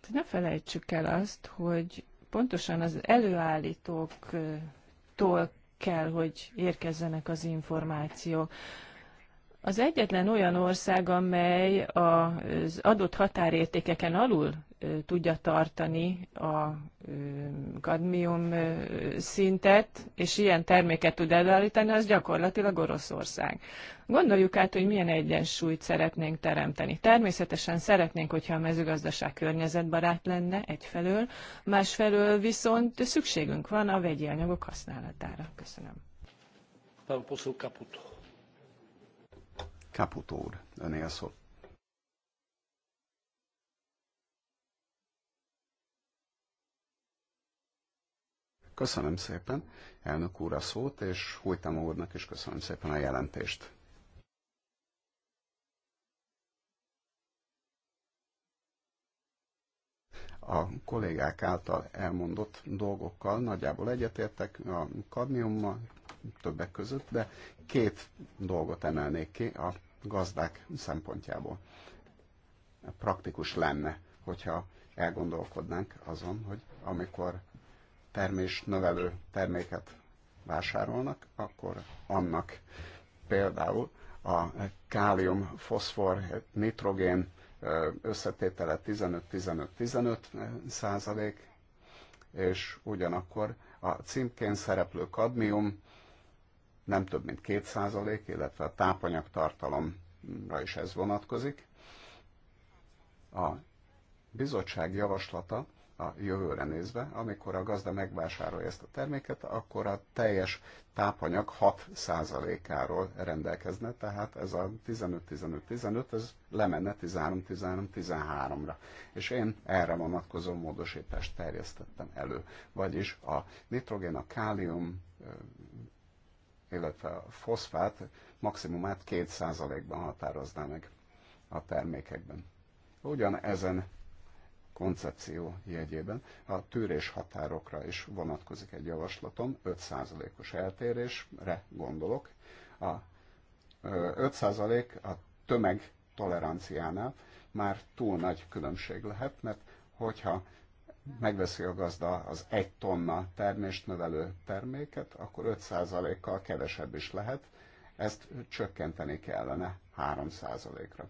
de ne felejtsük el azt, hogy pontosan az előállítóktól kell, hogy érkezzenek az információk. Az egyetlen olyan ország, amely az adott határértékeken alul tudja tartani a kadmium szintet, és ilyen terméket tud előállítani, az gyakorlatilag Oroszország. Gondoljuk át, hogy milyen egyensúlyt szeretnénk teremteni. Természetesen szeretnénk, hogyha a mezőgazdaság környezetbarát lenne egyfelől, másfelől viszont szükségünk van a vegyi anyagok használatára. Köszönöm. Pán Poszol Kaputo. Caputo úr, önél szó. Köszönöm szépen, elnök úr a szót, és Hújtama úrnak is köszönöm szépen a jelentést. a kollégák által elmondott dolgokkal nagyjából egyetértek a kadmiummal többek között, de két dolgot emelnék ki a gazdák szempontjából praktikus lenne, hogyha elgondolkodnánk azon, hogy amikor termés növelő terméket vásárolnak, akkor annak például a kálium, foszfor, nitrogén összetétele 15-15-15 százalék, és ugyanakkor a címkén szereplő kadmium nem több mint 2%, illetve a tápanyagtartalomra is ez vonatkozik. A bizottság javaslata a jövőre nézve, amikor a gazda megvásárolja ezt a terméket, akkor a teljes tápanyag 6%-áról rendelkezne, tehát ez a 15-15-15, ez lemenne 13-13-13-ra. És én erre vonatkozó módosítást terjesztettem elő, vagyis a nitrogén, a kálium illetve a foszfát maximumát 2%-ban határozná meg a termékekben. Ugyan ezen koncepció jegyében a tűrés határokra is vonatkozik egy javaslatom, 5%-os eltérésre gondolok. A 5% a tömeg toleranciánál már túl nagy különbség lehet, mert hogyha megveszi a gazda az egy tonna termést növelő terméket, akkor 5%-kal kevesebb is lehet, ezt csökkenteni kellene 3%-ra.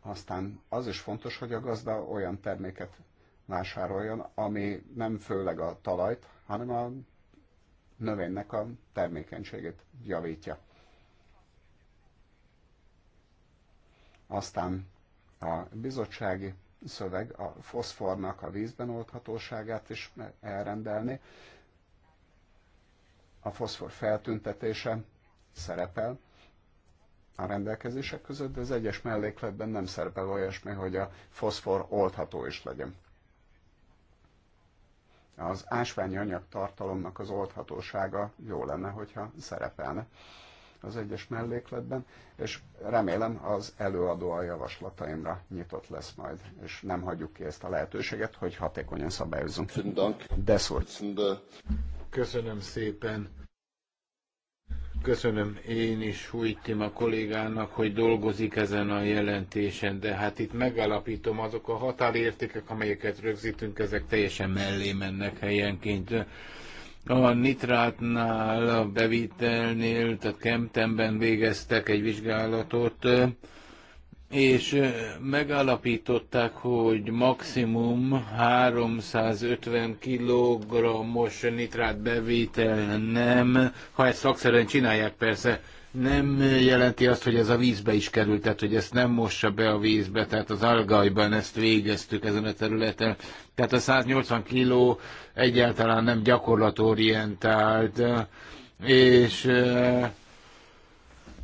Aztán az is fontos, hogy a gazda olyan terméket vásároljon, ami nem főleg a talajt, hanem a növénynek a termékenységét javítja. Aztán a bizottsági szöveg a foszfornak a vízben oldhatóságát is elrendelni. A foszfor feltüntetése szerepel a rendelkezések között, de az egyes mellékletben nem szerepel olyasmi, hogy a foszfor oldható is legyen. Az ásványi anyag tartalomnak az oldhatósága jó lenne, hogyha szerepelne az egyes mellékletben, és remélem az előadó a javaslataimra nyitott lesz majd, és nem hagyjuk ki ezt a lehetőséget, hogy hatékonyan szabályozunk. Köszönöm szépen. Köszönöm én is Hújtim a kollégának, hogy dolgozik ezen a jelentésen, de hát itt megalapítom azok a határértékek, amelyeket rögzítünk, ezek teljesen mellé mennek helyenként a nitrátnál, a bevitelnél, tehát Kemptenben végeztek egy vizsgálatot, és megállapították, hogy maximum 350 kg-os nitrát bevétel nem, ha ezt szakszerűen csinálják persze, nem jelenti azt, hogy ez a vízbe is került, tehát hogy ezt nem mossa be a vízbe, tehát az algajban ezt végeztük ezen a területen. Tehát a 180 kiló egyáltalán nem gyakorlatorientált, és eh,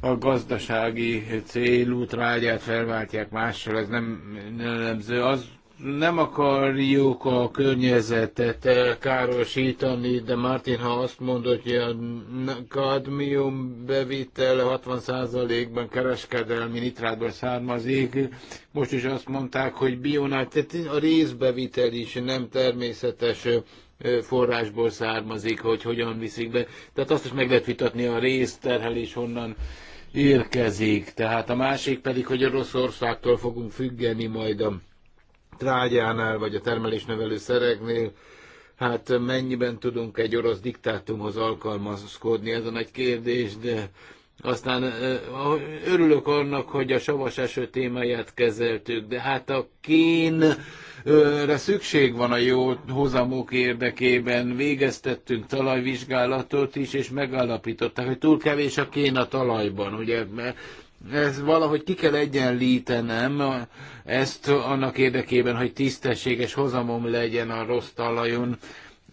a gazdasági célú trágyát felváltják mással, ez nem jellemző. Az nem akarjuk a környezetet károsítani, de Martin, ha azt mondod, hogy a kadmium bevitel 60%-ban kereskedelmi nitrátból származik, most is azt mondták, hogy bionát, tehát a részbevitel is nem természetes forrásból származik, hogy hogyan viszik be. Tehát azt is meg lehet vitatni, a részterhelés honnan érkezik. Tehát a másik pedig, hogy Oroszországtól fogunk függeni majd a trágyánál, vagy a termelésnevelő szereknél, hát mennyiben tudunk egy orosz diktátumhoz alkalmazkodni, ez a nagy kérdés, de aztán örülök annak, hogy a savas eső témáját kezeltük, de hát a kénre szükség van a jó hozamok érdekében. Végeztettünk talajvizsgálatot is, és megállapították, hogy túl kevés a kén a talajban, ugye, mert ez valahogy ki kell egyenlítenem ezt annak érdekében, hogy tisztességes hozamom legyen a rossz talajon,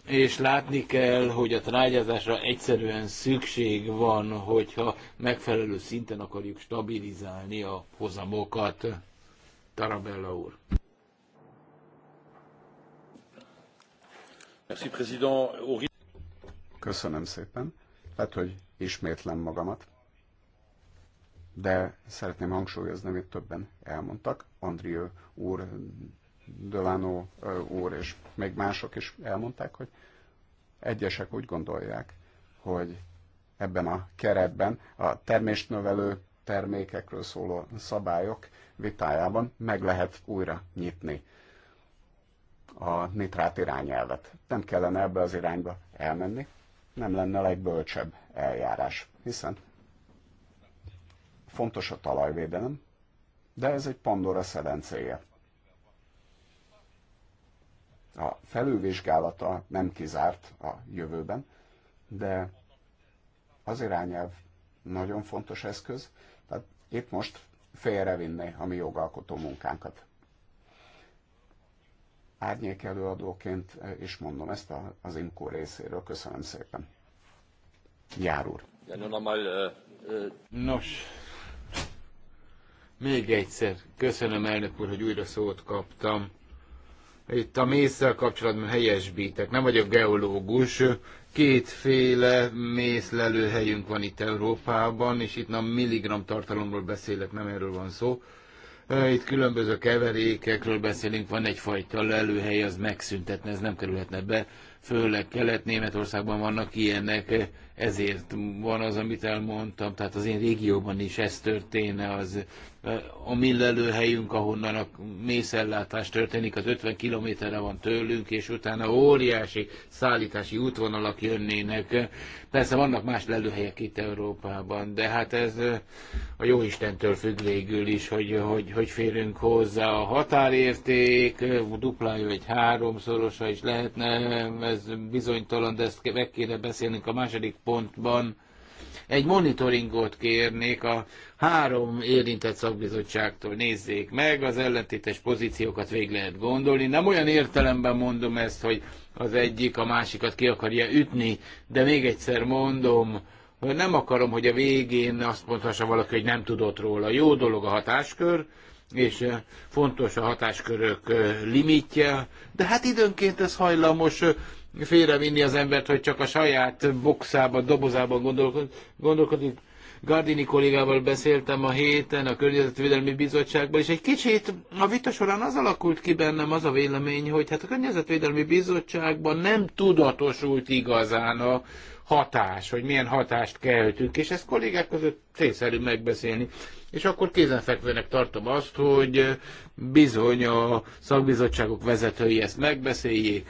és látni kell, hogy a trágyázásra egyszerűen szükség van, hogyha megfelelő szinten akarjuk stabilizálni a hozamokat. Tarabella úr. Köszönöm szépen. Hát, hogy ismétlem magamat de szeretném hangsúlyozni, amit többen elmondtak, Andrió úr, Delano úr és még mások is elmondták, hogy egyesek úgy gondolják, hogy ebben a keretben a termést növelő termékekről szóló szabályok vitájában meg lehet újra nyitni a nitrát irányelvet. Nem kellene ebbe az irányba elmenni, nem lenne egy legbölcsebb eljárás, hiszen Fontos a talajvédelem, de ez egy Pandora szerencéje. A felülvizsgálata nem kizárt a jövőben, de az irányelv nagyon fontos eszköz, tehát itt most félrevinné a mi jogalkotó munkánkat. Árnyék előadóként is mondom ezt az IMCO részéről. Köszönöm szépen. Jár úr. Nos, még egyszer köszönöm elnök úr, hogy újra szót kaptam. Itt a mészsel kapcsolatban helyesbítek. Nem vagyok geológus. Kétféle helyünk van itt Európában, és itt nem milligram tartalomról beszélek, nem erről van szó. Itt különböző keverékekről beszélünk, van egyfajta lelőhely, az megszüntetne, ez nem kerülhetne be főleg Kelet-Németországban vannak ilyenek, ezért van az, amit elmondtam, tehát az én régióban is ez történne, az a millelő helyünk ahonnan a mészellátás történik, az 50 kilométerre van tőlünk, és utána óriási szállítási útvonalak jönnének. Persze vannak más lelőhelyek itt Európában, de hát ez a jó Istentől függ végül is, hogy, hogy, hogy férünk hozzá. A határérték duplája vagy háromszorosa is lehetne ez bizonytalan, de ezt meg kéne beszélnünk a második pontban. Egy monitoringot kérnék a három érintett szakbizottságtól. Nézzék meg, az ellentétes pozíciókat végig lehet gondolni. Nem olyan értelemben mondom ezt, hogy az egyik a másikat ki akarja ütni, de még egyszer mondom, nem akarom, hogy a végén azt mondhassa valaki, hogy nem tudott róla. Jó dolog a hatáskör, és eh, fontos a hatáskörök eh, limitje, de hát időnként ez hajlamos eh, félrevinni az embert, hogy csak a saját boxába, dobozában gondolkodik. gondolkodik. Gardini kollégával beszéltem a héten a Környezetvédelmi Bizottságban, és egy kicsit a vita során az alakult ki bennem az a vélemény, hogy hát a Környezetvédelmi Bizottságban nem tudatosult igazán a hatás, hogy milyen hatást keltünk, és ezt kollégák között tényszerű megbeszélni. És akkor kézenfekvőnek tartom azt, hogy bizony a szakbizottságok vezetői ezt megbeszéljék.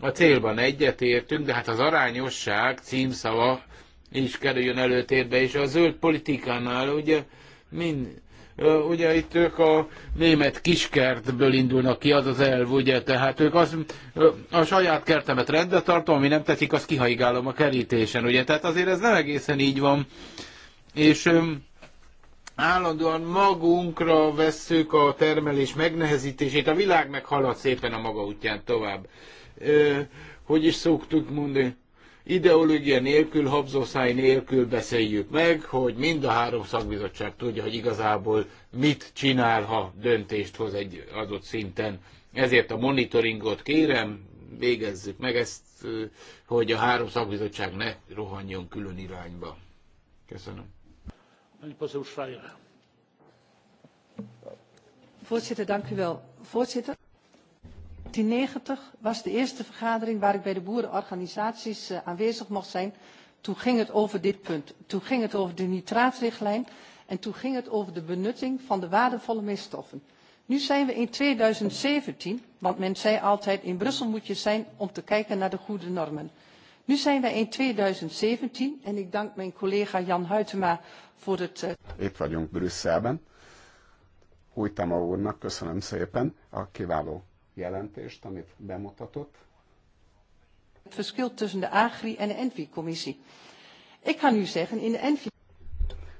A célban egyetértünk, de hát az arányosság címszava is kerüljön előtérbe, és a zöld politikánál ugye mind, ugye itt ők a német kiskertből indulnak ki, az az elv, ugye, tehát ők az, a saját kertemet rendbe tartom, ami nem tetszik, az kihaigálom a kerítésen, ugye, tehát azért ez nem egészen így van, és állandóan magunkra vesszük a termelés megnehezítését, a világ meg halad szépen a maga útján tovább hogy is szoktuk mondani, ideológia nélkül, habzószáj nélkül beszéljük meg, hogy mind a három szakbizottság tudja, hogy igazából mit csinál, ha döntést hoz egy adott szinten. Ezért a monitoringot kérem, végezzük meg ezt, hogy a három szakbizottság ne rohanjon külön irányba. Köszönöm. Voorzitter, dank u wel. Voorzitter. 1990 was de eerste vergadering waar ik bij de boerenorganisaties uh, aanwezig mocht zijn. Toen ging het over dit punt. Toen ging het over de nitraatrichtlijn en toen ging het over de benutting van de waardevolle meststoffen. Nu zijn we in 2017, want men zei altijd in Brussel moet je zijn om te kijken naar de goede normen. Nu zijn we in 2017 en ik dank mijn collega Jan Huytema voor het... Uh... Eh, Itt vagyunk Brüsszelben. Újtama úrnak köszönöm szépen a kiváló jelentést, amit bemutatott. Het verschil tussen de Agri en de Envi-commissie. Ik ga nu zeggen, in de Envi...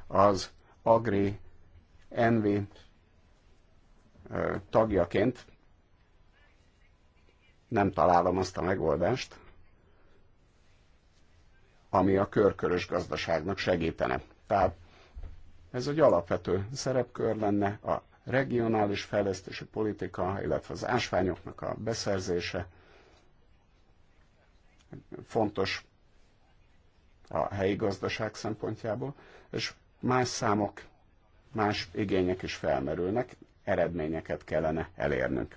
Az Agri Envi eh, tagjaként nem találom azt a megoldást, ami a körkörös gazdaságnak segítene. Tehát ez egy alapvető szerepkör lenne a regionális fejlesztési politika, illetve az ásványoknak a beszerzése fontos a helyi gazdaság szempontjából, és más számok, más igények is felmerülnek, eredményeket kellene elérnünk.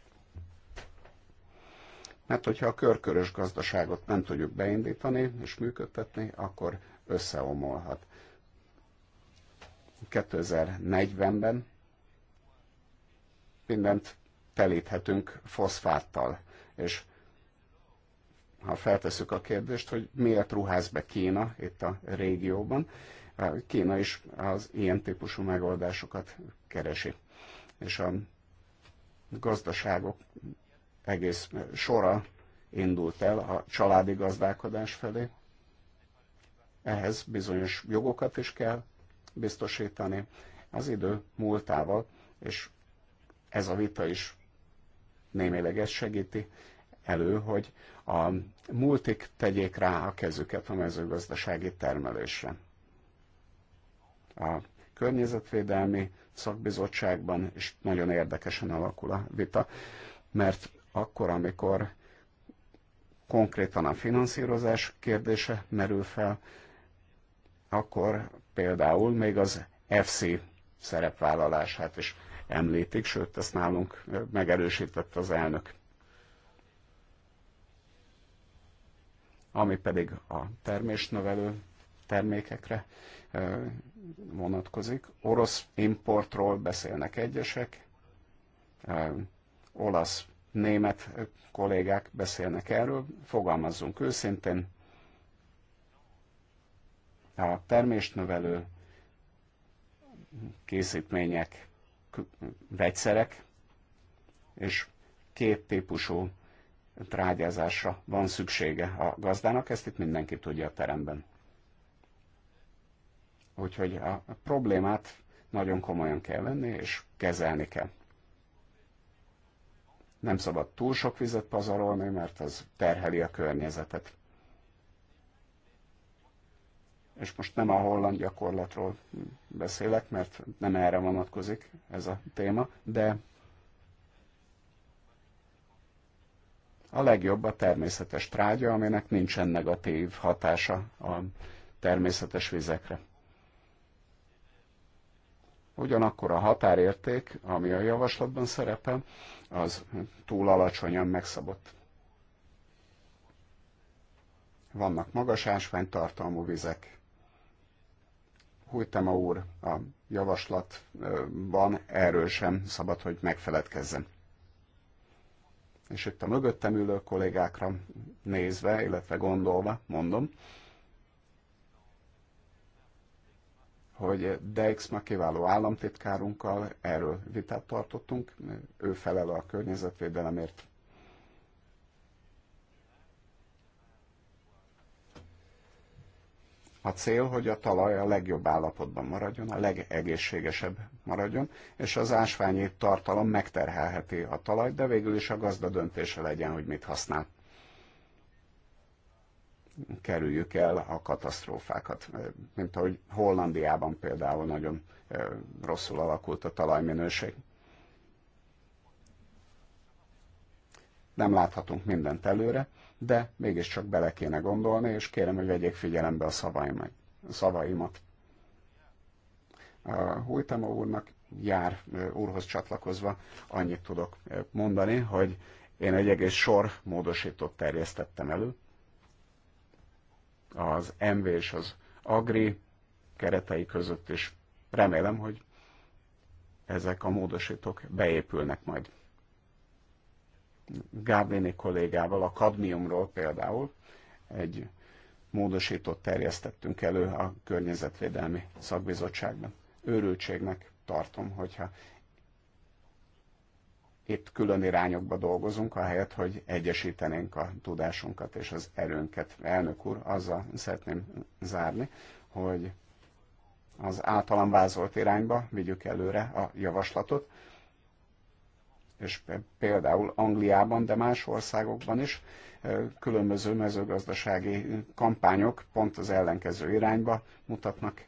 Mert hogyha a körkörös gazdaságot nem tudjuk beindítani és működtetni, akkor összeomolhat. 2040-ben mindent telíthetünk foszfáttal. És ha feltesszük a kérdést, hogy miért ruház be Kína itt a régióban, Kína is az ilyen típusú megoldásokat keresi. És a gazdaságok egész sora indult el a családi gazdálkodás felé. Ehhez bizonyos jogokat is kell biztosítani. Az idő múltával és ez a vita is némileg ezt segíti elő, hogy a multik tegyék rá a kezüket a mezőgazdasági termelésre. A környezetvédelmi szakbizottságban is nagyon érdekesen alakul a vita, mert akkor, amikor konkrétan a finanszírozás kérdése merül fel, akkor például még az FC szerepvállalását is említik, sőt, ezt nálunk megerősítette az elnök. Ami pedig a termésnövelő termékekre vonatkozik. Orosz importról beszélnek egyesek, olasz, német kollégák beszélnek erről. Fogalmazzunk őszintén, a termésnövelő készítmények vegyszerek és két típusú trágyázásra van szüksége a gazdának, ezt itt mindenki tudja a teremben. Úgyhogy a problémát nagyon komolyan kell venni, és kezelni kell. Nem szabad túl sok vizet pazarolni, mert az terheli a környezetet és most nem a holland gyakorlatról beszélek, mert nem erre vonatkozik ez a téma, de a legjobb a természetes trágya, aminek nincsen negatív hatása a természetes vizekre. Ugyanakkor a határérték, ami a javaslatban szerepel, az túl alacsonyan megszabott. Vannak magas ásványtartalmú vizek, Hújtema úr a javaslatban erről sem szabad, hogy megfeledkezzen. És itt a mögöttem ülő kollégákra nézve, illetve gondolva, mondom, hogy ma kiváló államtitkárunkkal erről vitát tartottunk, ő felel a környezetvédelemért, A cél, hogy a talaj a legjobb állapotban maradjon, a legegészségesebb maradjon, és az ásványi tartalom megterhelheti a talajt, de végül is a gazda döntése legyen, hogy mit használ. Kerüljük el a katasztrófákat, mint ahogy Hollandiában például nagyon rosszul alakult a talajminőség. Nem láthatunk mindent előre, de mégiscsak bele kéne gondolni, és kérem, hogy vegyék figyelembe a szavaimat. A A Hújtama úrnak jár úrhoz csatlakozva annyit tudok mondani, hogy én egy egész sor módosított terjesztettem elő. Az MV és az Agri keretei között is remélem, hogy ezek a módosítók beépülnek majd Gábléni kollégával a kadmiumról például egy módosított terjesztettünk elő a Környezetvédelmi Szakbizottságban. Őrültségnek tartom, hogyha itt külön irányokba dolgozunk, ahelyett, hogy egyesítenénk a tudásunkat és az erőnket. Elnök úr, azzal szeretném zárni, hogy az általam vázolt irányba vigyük előre a javaslatot, és például Angliában, de más országokban is különböző mezőgazdasági kampányok pont az ellenkező irányba mutatnak.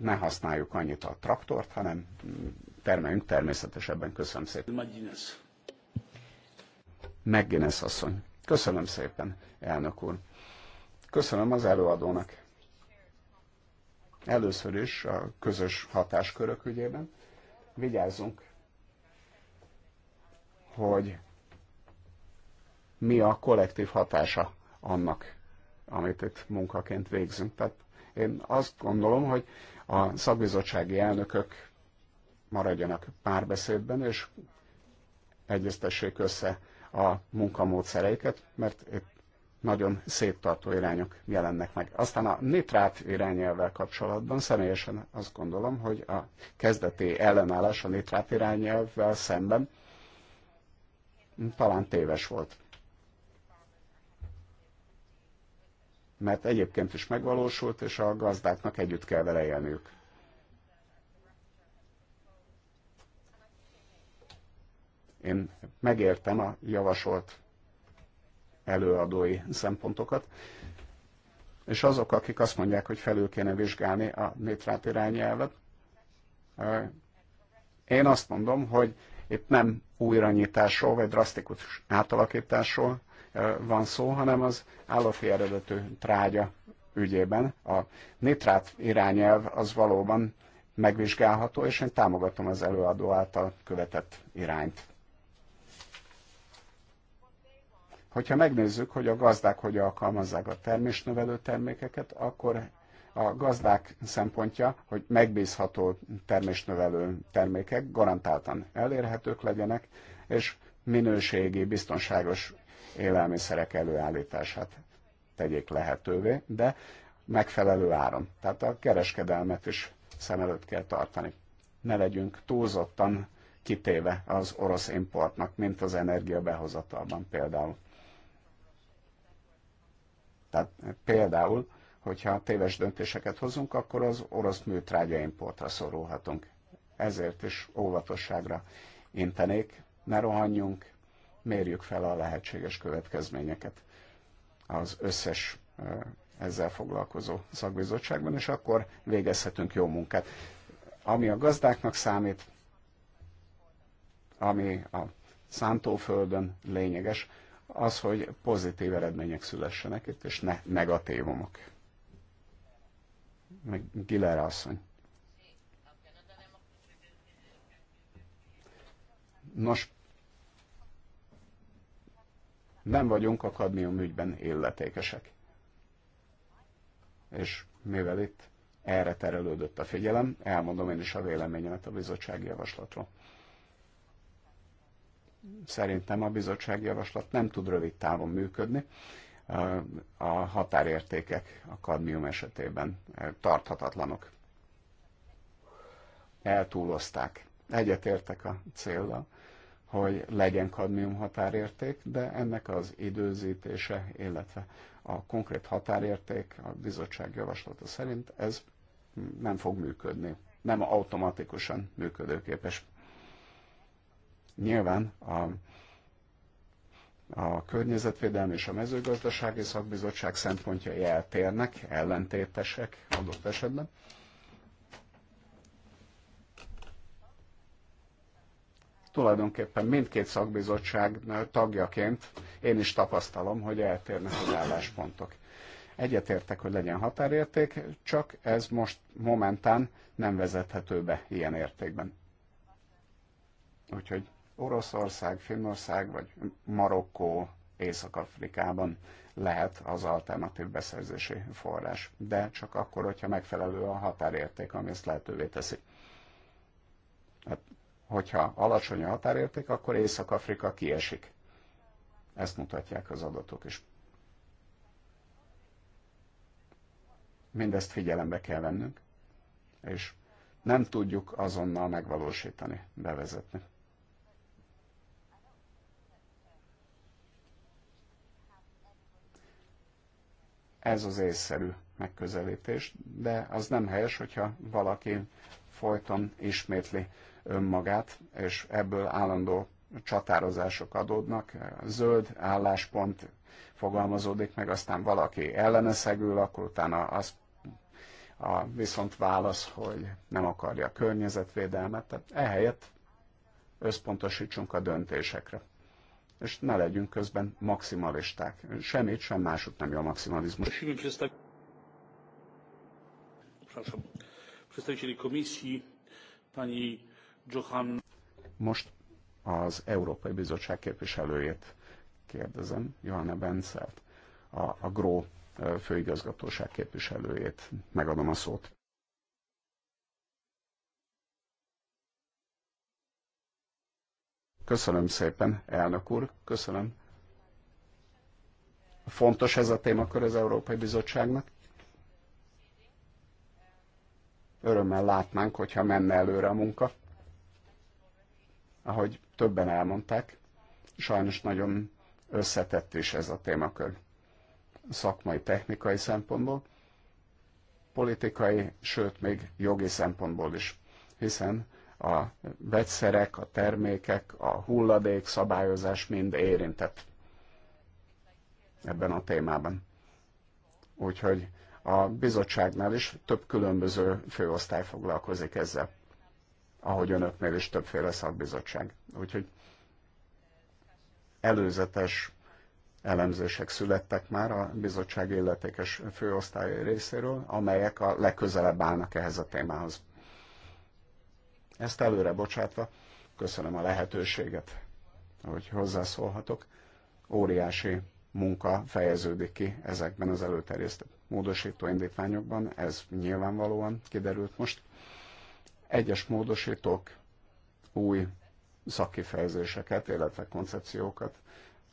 Ne használjuk annyit a traktort, hanem termeljünk természetesebben. Köszönöm szépen. Megines. Megines asszony. Köszönöm szépen, elnök úr. Köszönöm az előadónak. Először is a közös hatáskörök ügyében vigyázzunk, hogy mi a kollektív hatása annak, amit itt munkaként végzünk. Tehát én azt gondolom, hogy a szakbizottsági elnökök maradjanak párbeszédben, és egyeztessék össze a munkamódszereiket, mert itt nagyon széttartó irányok jelennek meg. Aztán a nitrát irányelvvel kapcsolatban személyesen azt gondolom, hogy a kezdeti ellenállás a nitrát irányelvvel szemben talán téves volt. Mert egyébként is megvalósult, és a gazdáknak együtt kell vele élniük. Én megértem a javasolt előadói szempontokat. És azok, akik azt mondják, hogy felül kéne vizsgálni a nitrát irányelvet, én azt mondom, hogy itt nem újranyításról vagy drasztikus átalakításról van szó, hanem az állati eredetű trágya ügyében. A nitrát irányelv az valóban megvizsgálható, és én támogatom az előadó által követett irányt. Hogyha megnézzük, hogy a gazdák hogy alkalmazzák a termésnövelő termékeket, akkor a gazdák szempontja, hogy megbízható termésnövelő termékek garantáltan elérhetők legyenek, és minőségi, biztonságos élelmiszerek előállítását tegyék lehetővé, de megfelelő áron. Tehát a kereskedelmet is szem előtt kell tartani. Ne legyünk túlzottan kitéve az orosz importnak, mint az energia behozatalban például. Tehát például, hogyha téves döntéseket hozunk, akkor az orosz műtrágya importra szorulhatunk. Ezért is óvatosságra intenék, ne rohanjunk, mérjük fel a lehetséges következményeket az összes ezzel foglalkozó szakbizottságban, és akkor végezhetünk jó munkát. Ami a gazdáknak számít, ami a szántóföldön lényeges, az, hogy pozitív eredmények szülessenek itt, és ne negatívumok. Meg Giller asszony. Nos, nem vagyunk a kadmium ügyben illetékesek. És mivel itt erre terelődött a figyelem, elmondom én is a véleményemet a bizottsági javaslatról szerintem a bizottsági javaslat nem tud rövid távon működni. A határértékek a kadmium esetében tarthatatlanok. Eltúlozták. Egyetértek a célra, hogy legyen kadmium határérték, de ennek az időzítése, illetve a konkrét határérték a bizottság javaslata szerint ez nem fog működni. Nem automatikusan működőképes. Nyilván a, a környezetvédelmi és a mezőgazdasági szakbizottság szempontjai eltérnek, ellentétesek adott esetben. Tulajdonképpen mindkét szakbizottság tagjaként én is tapasztalom, hogy eltérnek az álláspontok. Egyetértek, hogy legyen határérték, csak ez most momentán nem vezethető be ilyen értékben. Úgyhogy Oroszország, Finnország vagy Marokkó Észak-Afrikában lehet az alternatív beszerzési forrás, de csak akkor, hogyha megfelelő a határérték, ami ezt lehetővé teszi. Hát, hogyha alacsony a határérték, akkor Észak-Afrika kiesik. Ezt mutatják az adatok is. Mindezt figyelembe kell vennünk, és nem tudjuk azonnal megvalósítani, bevezetni. Ez az észszerű megközelítés, de az nem helyes, hogyha valaki folyton ismétli önmagát, és ebből állandó csatározások adódnak, zöld álláspont fogalmazódik meg, aztán valaki ellene szegül, akkor utána az a viszont válasz, hogy nem akarja a környezetvédelmet, tehát ehelyett összpontosítsunk a döntésekre és ne legyünk közben maximalisták. Semmit sem másut nem jó a maximalizmus. Most az Európai Bizottság képviselőjét kérdezem, Johanna Bencelt, a, a GRO főigazgatóság képviselőjét. Megadom a szót. Köszönöm szépen, elnök úr, köszönöm. Fontos ez a témakör az Európai Bizottságnak. Örömmel látnánk, hogyha menne előre a munka. Ahogy többen elmondták, sajnos nagyon összetett is ez a témakör. Szakmai, technikai szempontból, politikai, sőt még jogi szempontból is. Hiszen a vegyszerek, a termékek, a hulladék szabályozás mind érintett ebben a témában. Úgyhogy a bizottságnál is több különböző főosztály foglalkozik ezzel, ahogy önöknél is többféle szakbizottság. Úgyhogy előzetes elemzések születtek már a bizottság illetékes főosztály részéről, amelyek a legközelebb állnak ehhez a témához. Ezt előre bocsátva, köszönöm a lehetőséget, hogy hozzászólhatok. Óriási munka fejeződik ki ezekben az előterjesztett módosító indítványokban, ez nyilvánvalóan kiderült most. Egyes módosítók új szakkifejezéseket, illetve koncepciókat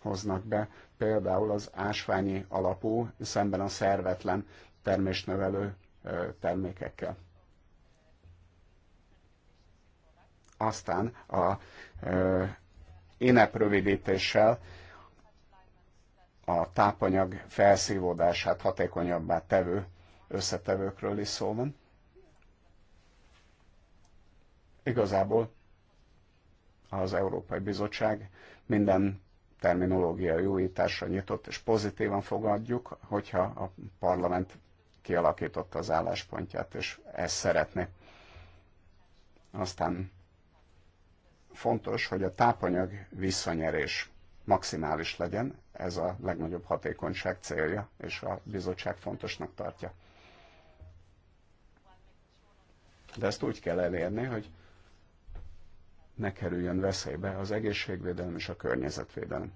hoznak be, például az ásványi alapú, szemben a szervetlen termésnövelő termékekkel. Aztán a énep rövidítéssel a tápanyag felszívódását hatékonyabbá tevő összetevőkről is szó van. Igazából az Európai Bizottság minden terminológiai újításra nyitott, és pozitívan fogadjuk, hogyha a parlament kialakította az álláspontját, és ezt szeretné. Aztán fontos, hogy a tápanyag visszanyerés maximális legyen, ez a legnagyobb hatékonyság célja, és a bizottság fontosnak tartja. De ezt úgy kell elérni, hogy ne kerüljön veszélybe az egészségvédelem és a környezetvédelem.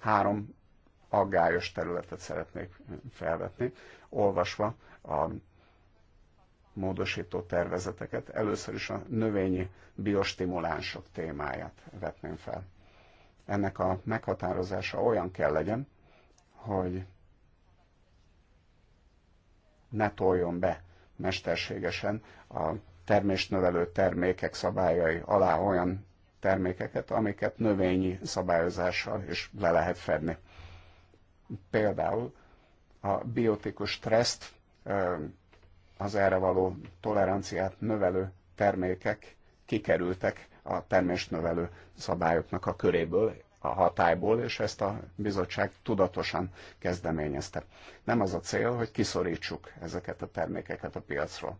Három aggályos területet szeretnék felvetni, olvasva a módosító tervezeteket. Először is a növényi biostimulánsok témáját vetném fel. Ennek a meghatározása olyan kell legyen, hogy ne toljon be mesterségesen a termésnövelő termékek szabályai alá olyan termékeket, amiket növényi szabályozással is le lehet fedni. Például a biotikus stresszt az erre való toleranciát növelő termékek kikerültek a termésnövelő szabályoknak a köréből, a hatályból, és ezt a bizottság tudatosan kezdeményezte. Nem az a cél, hogy kiszorítsuk ezeket a termékeket a piacról,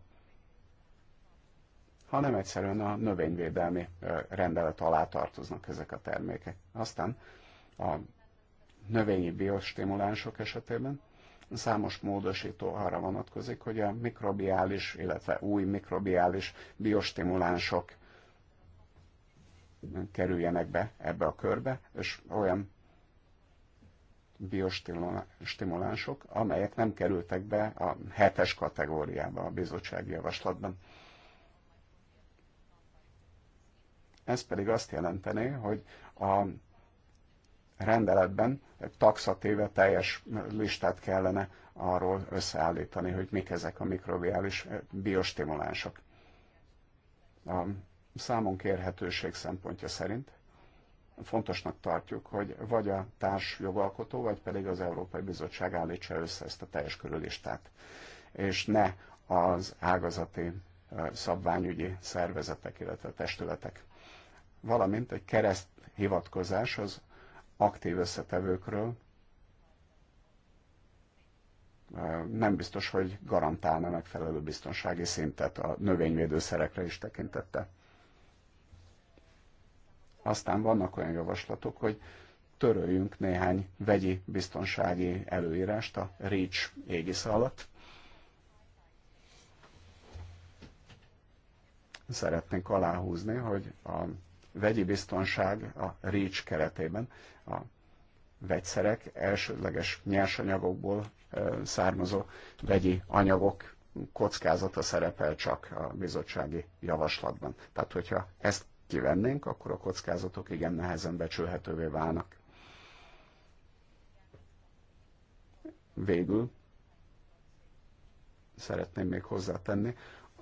hanem egyszerűen a növényvédelmi rendelet alá tartoznak ezek a termékek. Aztán a növényi biostimulánsok esetében Számos módosító arra vonatkozik, hogy a mikrobiális, illetve új mikrobiális biostimulánsok kerüljenek be ebbe a körbe, és olyan biostimulánsok, amelyek nem kerültek be a hetes kategóriába a bizottsági javaslatban. Ez pedig azt jelenteni, hogy a rendeletben taxatéve teljes listát kellene arról összeállítani, hogy mik ezek a mikrobiális eh, biostimulánsok. A számon kérhetőség szempontja szerint fontosnak tartjuk, hogy vagy a társ jogalkotó, vagy pedig az Európai Bizottság állítsa össze ezt a teljes körülistát, és ne az ágazati eh, szabványügyi szervezetek, illetve testületek. Valamint egy kereszt hivatkozás az aktív összetevőkről nem biztos, hogy garantálna megfelelő biztonsági szintet a növényvédőszerekre is tekintette. Aztán vannak olyan javaslatok, hogy töröljünk néhány vegyi biztonsági előírást a REACH égisze alatt. Szeretnénk aláhúzni, hogy a vegyi biztonság a REACH keretében a vegyszerek, elsődleges nyersanyagokból származó vegyi anyagok kockázata szerepel csak a bizottsági javaslatban. Tehát, hogyha ezt kivennénk, akkor a kockázatok igen nehezen becsülhetővé válnak. Végül szeretném még hozzátenni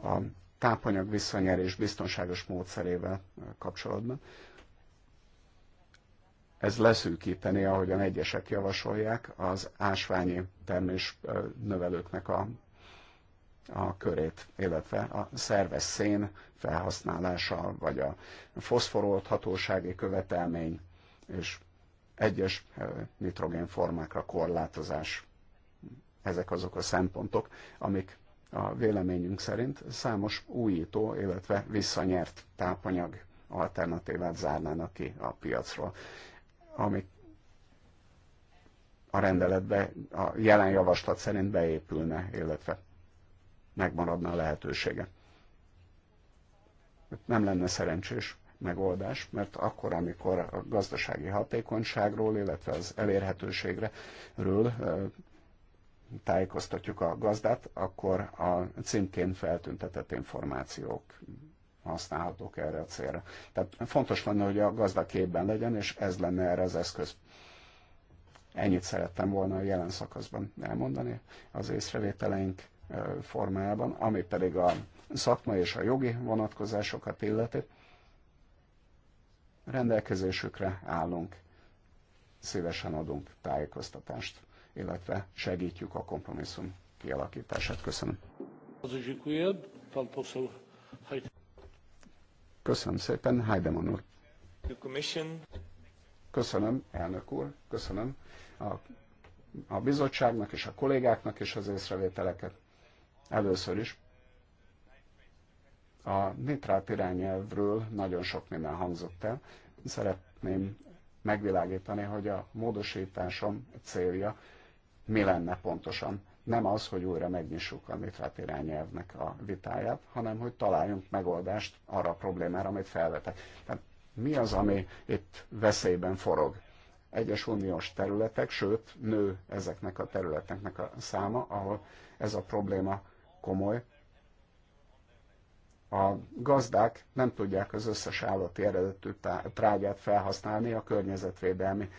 a tápanyag visszanyerés biztonságos módszerével kapcsolatban. Ez leszűkíteni, ahogyan egyesek javasolják, az ásványi termés növelőknek a, a körét, illetve a szerves szén felhasználása, vagy a foszforolthatósági követelmény, és egyes nitrogénformákra korlátozás. Ezek azok a szempontok, amik a véleményünk szerint számos újító, illetve visszanyert tápanyag alternatívát zárnának ki a piacról, amik a rendeletbe, a jelen javaslat szerint beépülne, illetve megmaradna a lehetősége. Nem lenne szerencsés megoldás, mert akkor, amikor a gazdasági hatékonyságról, illetve az elérhetőségről tájékoztatjuk a gazdát, akkor a címként feltüntetett információk használhatók erre a célra. Tehát fontos lenne, hogy a gazda képben legyen, és ez lenne erre az eszköz. Ennyit szerettem volna a jelen szakaszban elmondani az észrevételeink formájában, ami pedig a szakmai és a jogi vonatkozásokat illeti. Rendelkezésükre állunk, szívesen adunk tájékoztatást illetve segítjük a kompromisszum kialakítását. Köszönöm. Köszönöm szépen, Heidemann úr. Köszönöm, elnök úr, köszönöm a, a bizottságnak és a kollégáknak is az észrevételeket. Először is a nitrát irányelvről nagyon sok minden hangzott el. Szeretném megvilágítani, hogy a módosításom célja mi lenne pontosan. Nem az, hogy újra megnyissuk a nitrát irányelvnek a vitáját, hanem hogy találjunk megoldást arra a problémára, amit felvetek. Tehát mi az, ami itt veszélyben forog? Egyes uniós területek, sőt, nő ezeknek a területeknek a száma, ahol ez a probléma komoly, a gazdák nem tudják az összes állati eredetű trágyát felhasználni a környezetvédelmi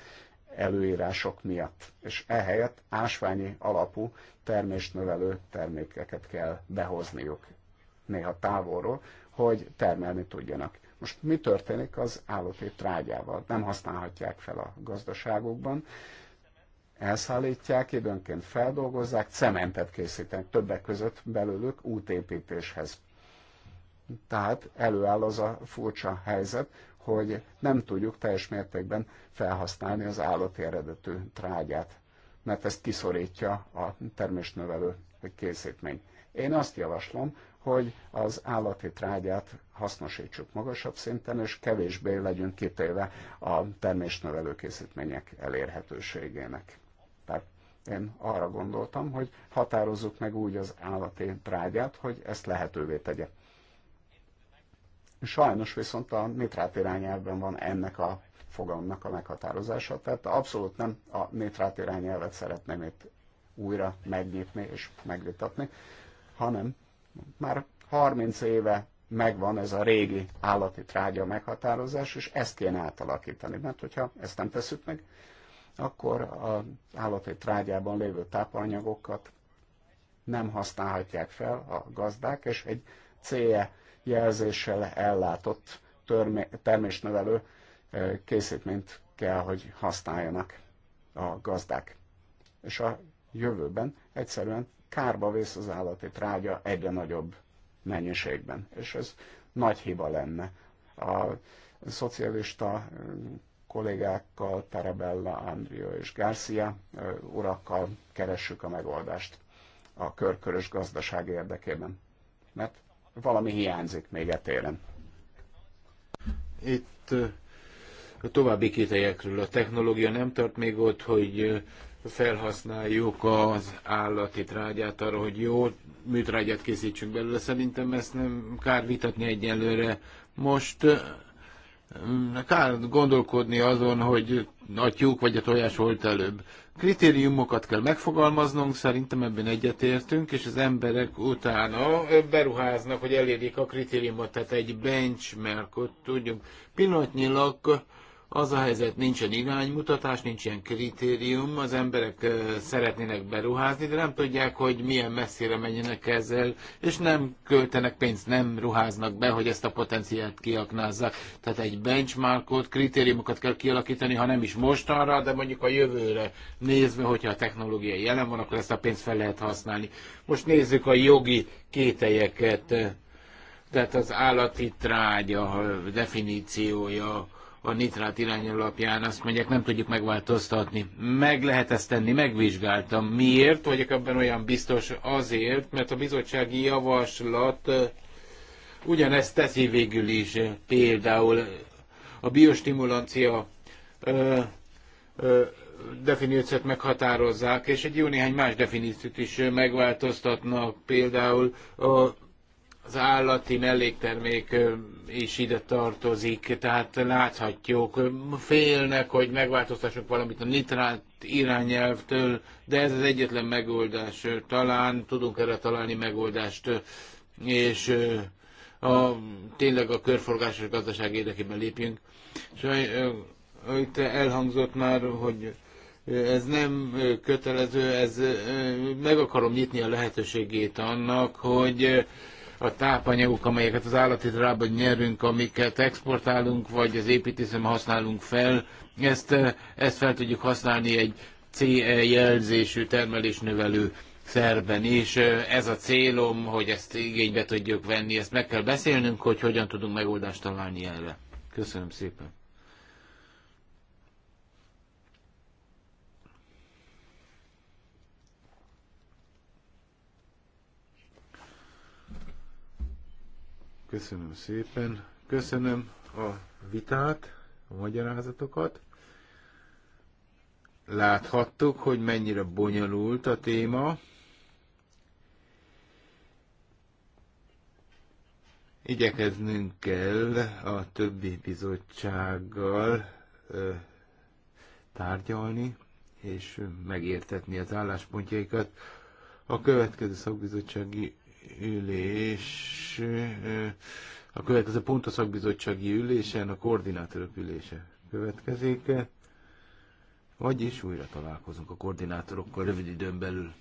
előírások miatt. És ehelyett ásványi alapú termést növelő termékeket kell behozniuk néha távolról, hogy termelni tudjanak. Most mi történik az állati trágyával? Nem használhatják fel a gazdaságokban, elszállítják, időnként feldolgozzák, cementet készítenek többek között belőlük útépítéshez. Tehát előáll az a furcsa helyzet, hogy nem tudjuk teljes mértékben felhasználni az állati eredetű trágyát, mert ezt kiszorítja a termésnövelő készítmény. Én azt javaslom, hogy az állati trágyát hasznosítsuk magasabb szinten, és kevésbé legyünk kitéve a termésnövelő készítmények elérhetőségének. Tehát én arra gondoltam, hogy határozzuk meg úgy az állati trágyát, hogy ezt lehetővé tegye. Sajnos viszont a nitrát irányelvben van ennek a fogalomnak a meghatározása, tehát abszolút nem a nitrát irányelvet szeretném itt újra megnyitni és megvitatni, hanem már 30 éve megvan ez a régi állati trágya meghatározás, és ezt kéne átalakítani, mert hogyha ezt nem tesszük meg, akkor az állati trágyában lévő tápanyagokat nem használhatják fel a gazdák, és egy célja jelzéssel ellátott termésnövelő készítményt kell, hogy használjanak a gazdák. És a jövőben egyszerűen kárba vész az állati trágya egyre nagyobb mennyiségben. És ez nagy hiba lenne. A szocialista kollégákkal, Tarabella, Andrio és Garcia urakkal keressük a megoldást a körkörös gazdaság érdekében. Mert valami hiányzik még e télen. Itt a további kételyekről a technológia nem tart még ott, hogy felhasználjuk az állati trágyát arra, hogy jó műtrágyát készítsünk belőle. Szerintem ezt nem kár vitatni egyelőre. Most Kár gondolkodni azon, hogy a tyúk vagy a tojás volt előbb. Kritériumokat kell megfogalmaznunk, szerintem ebben egyetértünk, és az emberek utána beruháznak, hogy elérjék a kritériumot, tehát egy benchmarkot tudjunk. Pillanatnyilag az a helyzet, nincsen iránymutatás, ilyen kritérium, az emberek szeretnének beruházni, de nem tudják, hogy milyen messzire menjenek ezzel, és nem költenek pénzt, nem ruháznak be, hogy ezt a potenciált kiaknázzák. Tehát egy benchmarkot, kritériumokat kell kialakítani, ha nem is mostanra, de mondjuk a jövőre nézve, hogyha a technológia jelen van, akkor ezt a pénzt fel lehet használni. Most nézzük a jogi kételyeket, tehát az állati trágya definíciója, a nitrát irány alapján azt mondják, nem tudjuk megváltoztatni. Meg lehet ezt tenni, megvizsgáltam. Miért vagyok ebben olyan biztos? Azért, mert a bizottsági javaslat eh, ugyanezt teszi végül is. Például a biostimulancia ö, eh, ö, eh, definíciót meghatározzák, és egy jó néhány más definíciót is megváltoztatnak, például a az állati melléktermék is ide tartozik, tehát láthatjuk, félnek, hogy megváltoztassunk valamit a nitrát irányelvtől, de ez az egyetlen megoldás. Talán tudunk erre találni megoldást, és a, tényleg a körforgásos gazdaság érdekében lépjünk. és itt elhangzott már, hogy ez nem kötelező, ez meg akarom nyitni a lehetőségét annak, hogy a tápanyagok, amelyeket az állati drában nyerünk, amiket exportálunk, vagy az építészem használunk fel, ezt, eh, ezt fel tudjuk használni egy CE jelzésű termelésnövelő szerben is. Eh, ez a célom, hogy ezt igénybe tudjuk venni, ezt meg kell beszélnünk, hogy hogyan tudunk megoldást találni erre. Köszönöm szépen. Köszönöm szépen. Köszönöm a vitát, a magyarázatokat. Láthattuk, hogy mennyire bonyolult a téma. Igyekeznünk kell a többi bizottsággal ö, tárgyalni, és megértetni az álláspontjaikat. A következő szakbizottsági ülés, a következő pont a szakbizottsági ülésen, a koordinátorok ülése következik. Vagyis újra találkozunk a koordinátorokkal rövid időn belül.